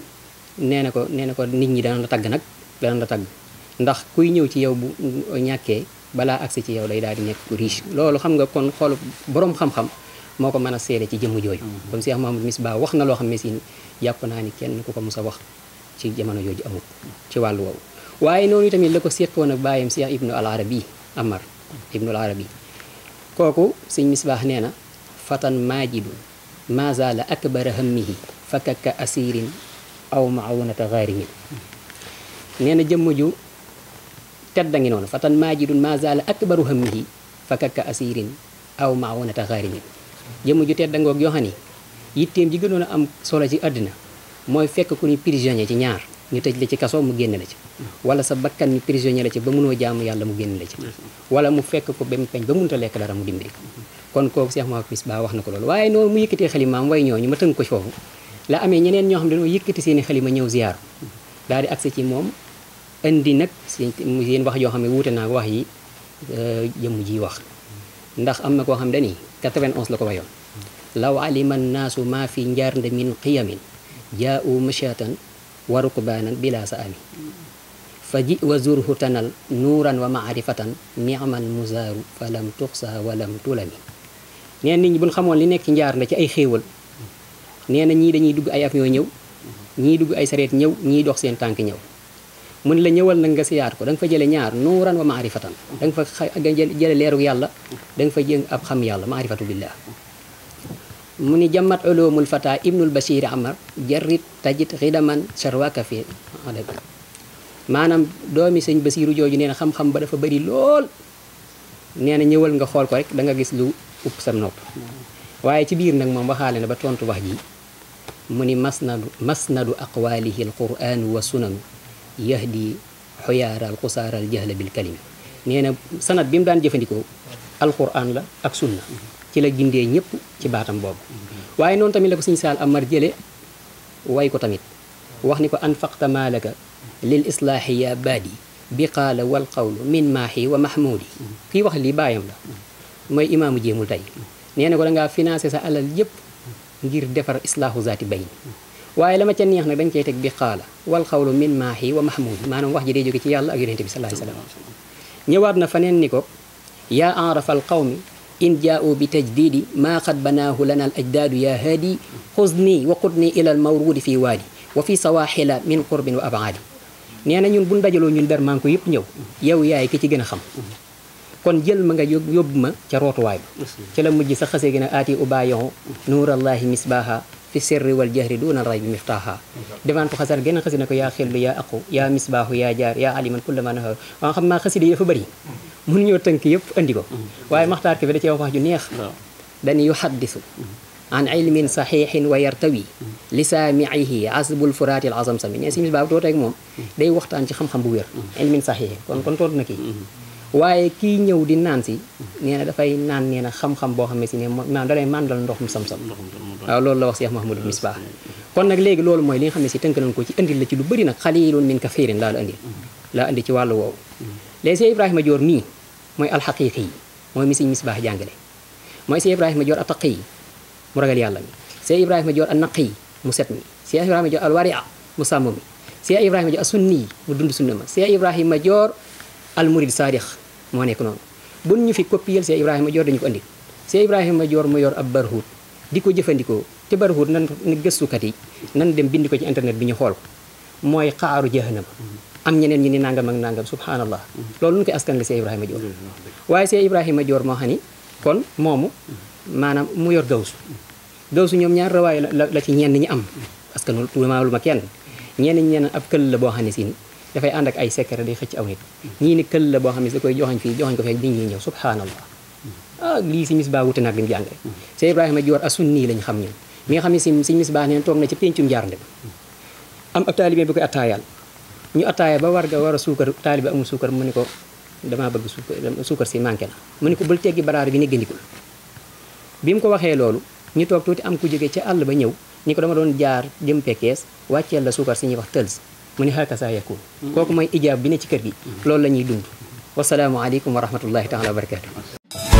nee na ko nee na ko nit ñi dana la tagg nag dana la tagg ndax kuy ñëw ci yow bu ñàkkee balaa agsi ci yow lay daal di nekk ku riche loolu xam nga kon xoolu borom xam-xam moo ko mën a seede ci jëmm jooju kon mm-hmm. Cheikh Mahamadou Misbah wax na loo xam ne si ni naa ni kenn ku ko mos a wax ci jamono jooju amul ci wàllu woowu waaye noonu itamit la ko séqoon ak bàyyam Cheikh Ibnu al Arabi Amar Ibnu al Arabi kooku sëñ Misbah nee na fatan maajidun maazala akbara hammihi fakakka asirin aw maawunata gaarimin nee na jëmm ju tedd a ngi noonu ak maajidun mazaala akbaru hammihi fa kakka asirin aw maa maawunata xaarimin jëmm ju tedd ngoog yoo xam ni yitteem ji gënoon a am solo ci àddina mooy fekk ku ni prisonnier ci ñaar ñu tëj la ci kaso mu génn la ci wala sa bakkan ñu prisonnier la ci ba mënoo jaamu yàlla mu génn la ci wala mu fekk ko ba mu peñ ba mënut a lekk dara mu dimbali ko kon kooku Cheikh Mouhamed Pis Ba wax na ko loolu waaye noonu mu yëkkatee xalimaam way ñooñu ma tënk ko ci foofu la amee ñeneen ñoo xam ne dañoo yëkkati seen i xalima ñëw ziyaar daal di agsi ci moom indi nag si yéen wax joo xam ne wuute naa wax yi euh, jëmm ji wax ndax am na koo xam dani 91 la ko wayoon law alima annaasu maa fi njaarnde min qiyamin jaau mashatan wa rukbaanan bila sa ami fa ji wa zurhu tanal nuuran wa maarifatan niamal muzaaru fa lam tuxsa wa lam tulami nee nit ñi buñ xamoon li nekk njaar njaarnde ci ay xéewal nee na ñii dañuy dugg ay avion ñëw ñii dugg ay sareet ñëw ñii dox seen tànk ñëw mu ne la ñëwal nag nga siyaat ko da nga fa jële ñaar nuuran wa maarifatan da nga fa jële leerug yàlla da fa jëng ab xam yàlla maarifatu billah mu ni jammat ulumul fata ibnul basiri amar jarit tajit xidaman sarwaka fi maanaam doomi sëñ basiru jooju nee na xam-xam ba dafa bari lool nee na ñëwal nga xool ko rek danga gis lu upp sam nopp waaye ci biir nag moom waxaale na ba tontu wax ji mu ni masnadu masnadu aqwaalihi alquranu wa sunanu yahdi xuyaaral xusaaral jahla bil kalimi nee na sanat bi mu daan jëfandikoo alquran la ak sunna ci la gindee ñëpp ci baatam boobu waaye noonu tamit la ko suñ saal amar jële way ko tamit wax ni ko anfaqta maalaka lil islaahi ya baadi bi qaala wal qawlu min maahi wa mahmuudi kii wax lii baayam la mooy imaamu jéemul tey nee na ko da ngaa financé sa alal yëpp ngir defar islaahu zaati bayn waaye la ma ca neex nag dañ cey teg bi qaala wal xawlu min maahi wa mahmuud maanaam wax ji day jóge ci yàlla ak yonente bi sallallahu alayhi wa sallam ñëwaat na faneen ni ko yaa aarafa al qawmi in jaau bi tajdidi maa qad banaahu lana al ajdaadu yaa haadi xuzni wa qutni ila al mawruudi fi waadi wa fi sawaxila min qurbin wa abaadi nee na ñun buñ dajaloo ñun ber man ko yëpp ñëw yow yaay ki ci gën a xam kon jël ma nga yóbbu ma ca rootuwaay ba ca la mujj sa xase gën a aati ubaayahu nuurallahi misbaaha fi sirri wal jahri duna ray bi miftaha devantu xasaan genn xasida ko yaa xellu yaa aqu yaa misbaahu yaa jaar yaa aliman kulla ma naha waa xam naa xasida yi dafa bëri mun ñoo tënk yëpp andi ko waaye maxtaar ke bi da ju neex dañu yuhaddisu an ilmin saxihin wa yartawi li saamiihi azbul furaati al azam sami ne si misbaahu too teeg waxtaan ci xam-xam bu wér waaye kii ñëw di naan si nee na dafay naan nee na xam-xam boo xam ne si ne maanaam dalay màndal ndoxum sam-sam waaw loolu la wax Cheikh Mahamadou Misbah kon nag léegi loolu mooy li nga xam ne si tënk nañ ko ci indil la ci lu bëri nag xaliilun min kafiirin laa la indi laa indi ci wàllu woowu léegi Cheikh Ibrahima Dior mii si alxaqiqi yi mooy mi siñ Misbah jàngale mooy Cheikh Ibrahima Dior ataqi yi mu ragal yàlla mi Cheikh Ibrahima Dior anaqi yi mu set mi Cheikh Ibrahima Dior a mu sàmm mi Cheikh Ibrahima a asunni yi mu dund sunna ma Cheikh Ibrahima Dior al murid saadix moo nekk noonu bu ñu fi copier Cheikh Ibrahima Dior dañu ko andi Cheikh Ibrahima Dior mu yor ab barhut di ko jëfandikoo te barhut nan gëstukat yi nan dem bind ko ci internet bi ñu xool ko mooy xaaru jahannama am ñeneen ñi ni nangam ak nangam subhanallah loolu nu koy askan la Cheikh Ibrahima Dior waaye Cheikh Ibrahima Dior moo xam ni kon moomu maanaam mu yor gawsu gawsu ñoom ñaar rawaay la la ci ñeen ñi am parce que lu ma lu ma kenn ñenn ñi ab këll la boo xam ne si dafay ànd ak ay secret day xëcc aw nit ñii ni kël la boo xam ne da koy joxañ fii joxañ ko fee di ñuy ñëw subhaanallah ah lii si misbaa wute nag li mu jàngale Seydou Ibrahima Dior asunni lañ xam ñun mi nga xam ne si si misbaa neen toog na ci péncum jaar ndem am ab taalibe bi koy ñu attaaya ba war ga war a suukar taalibe amul suukar mu ne ko damaa bëgg suukar si manqué na mu ne ko bul teggi baraar bi ne gëndikul bi mu ko waxee loolu ñu toog tuuti am ku jóge ca àll ba ñëw ni ko dama doon jaar jëm pekkees wàcceel la suukar si ñuy wax tëls mu ne xaaka saa yakun kooku mooy ijaab bi ne ci kër gi loolu la ñuy dund wasalaamualeykum wa rahmatullahi taala wa barakatu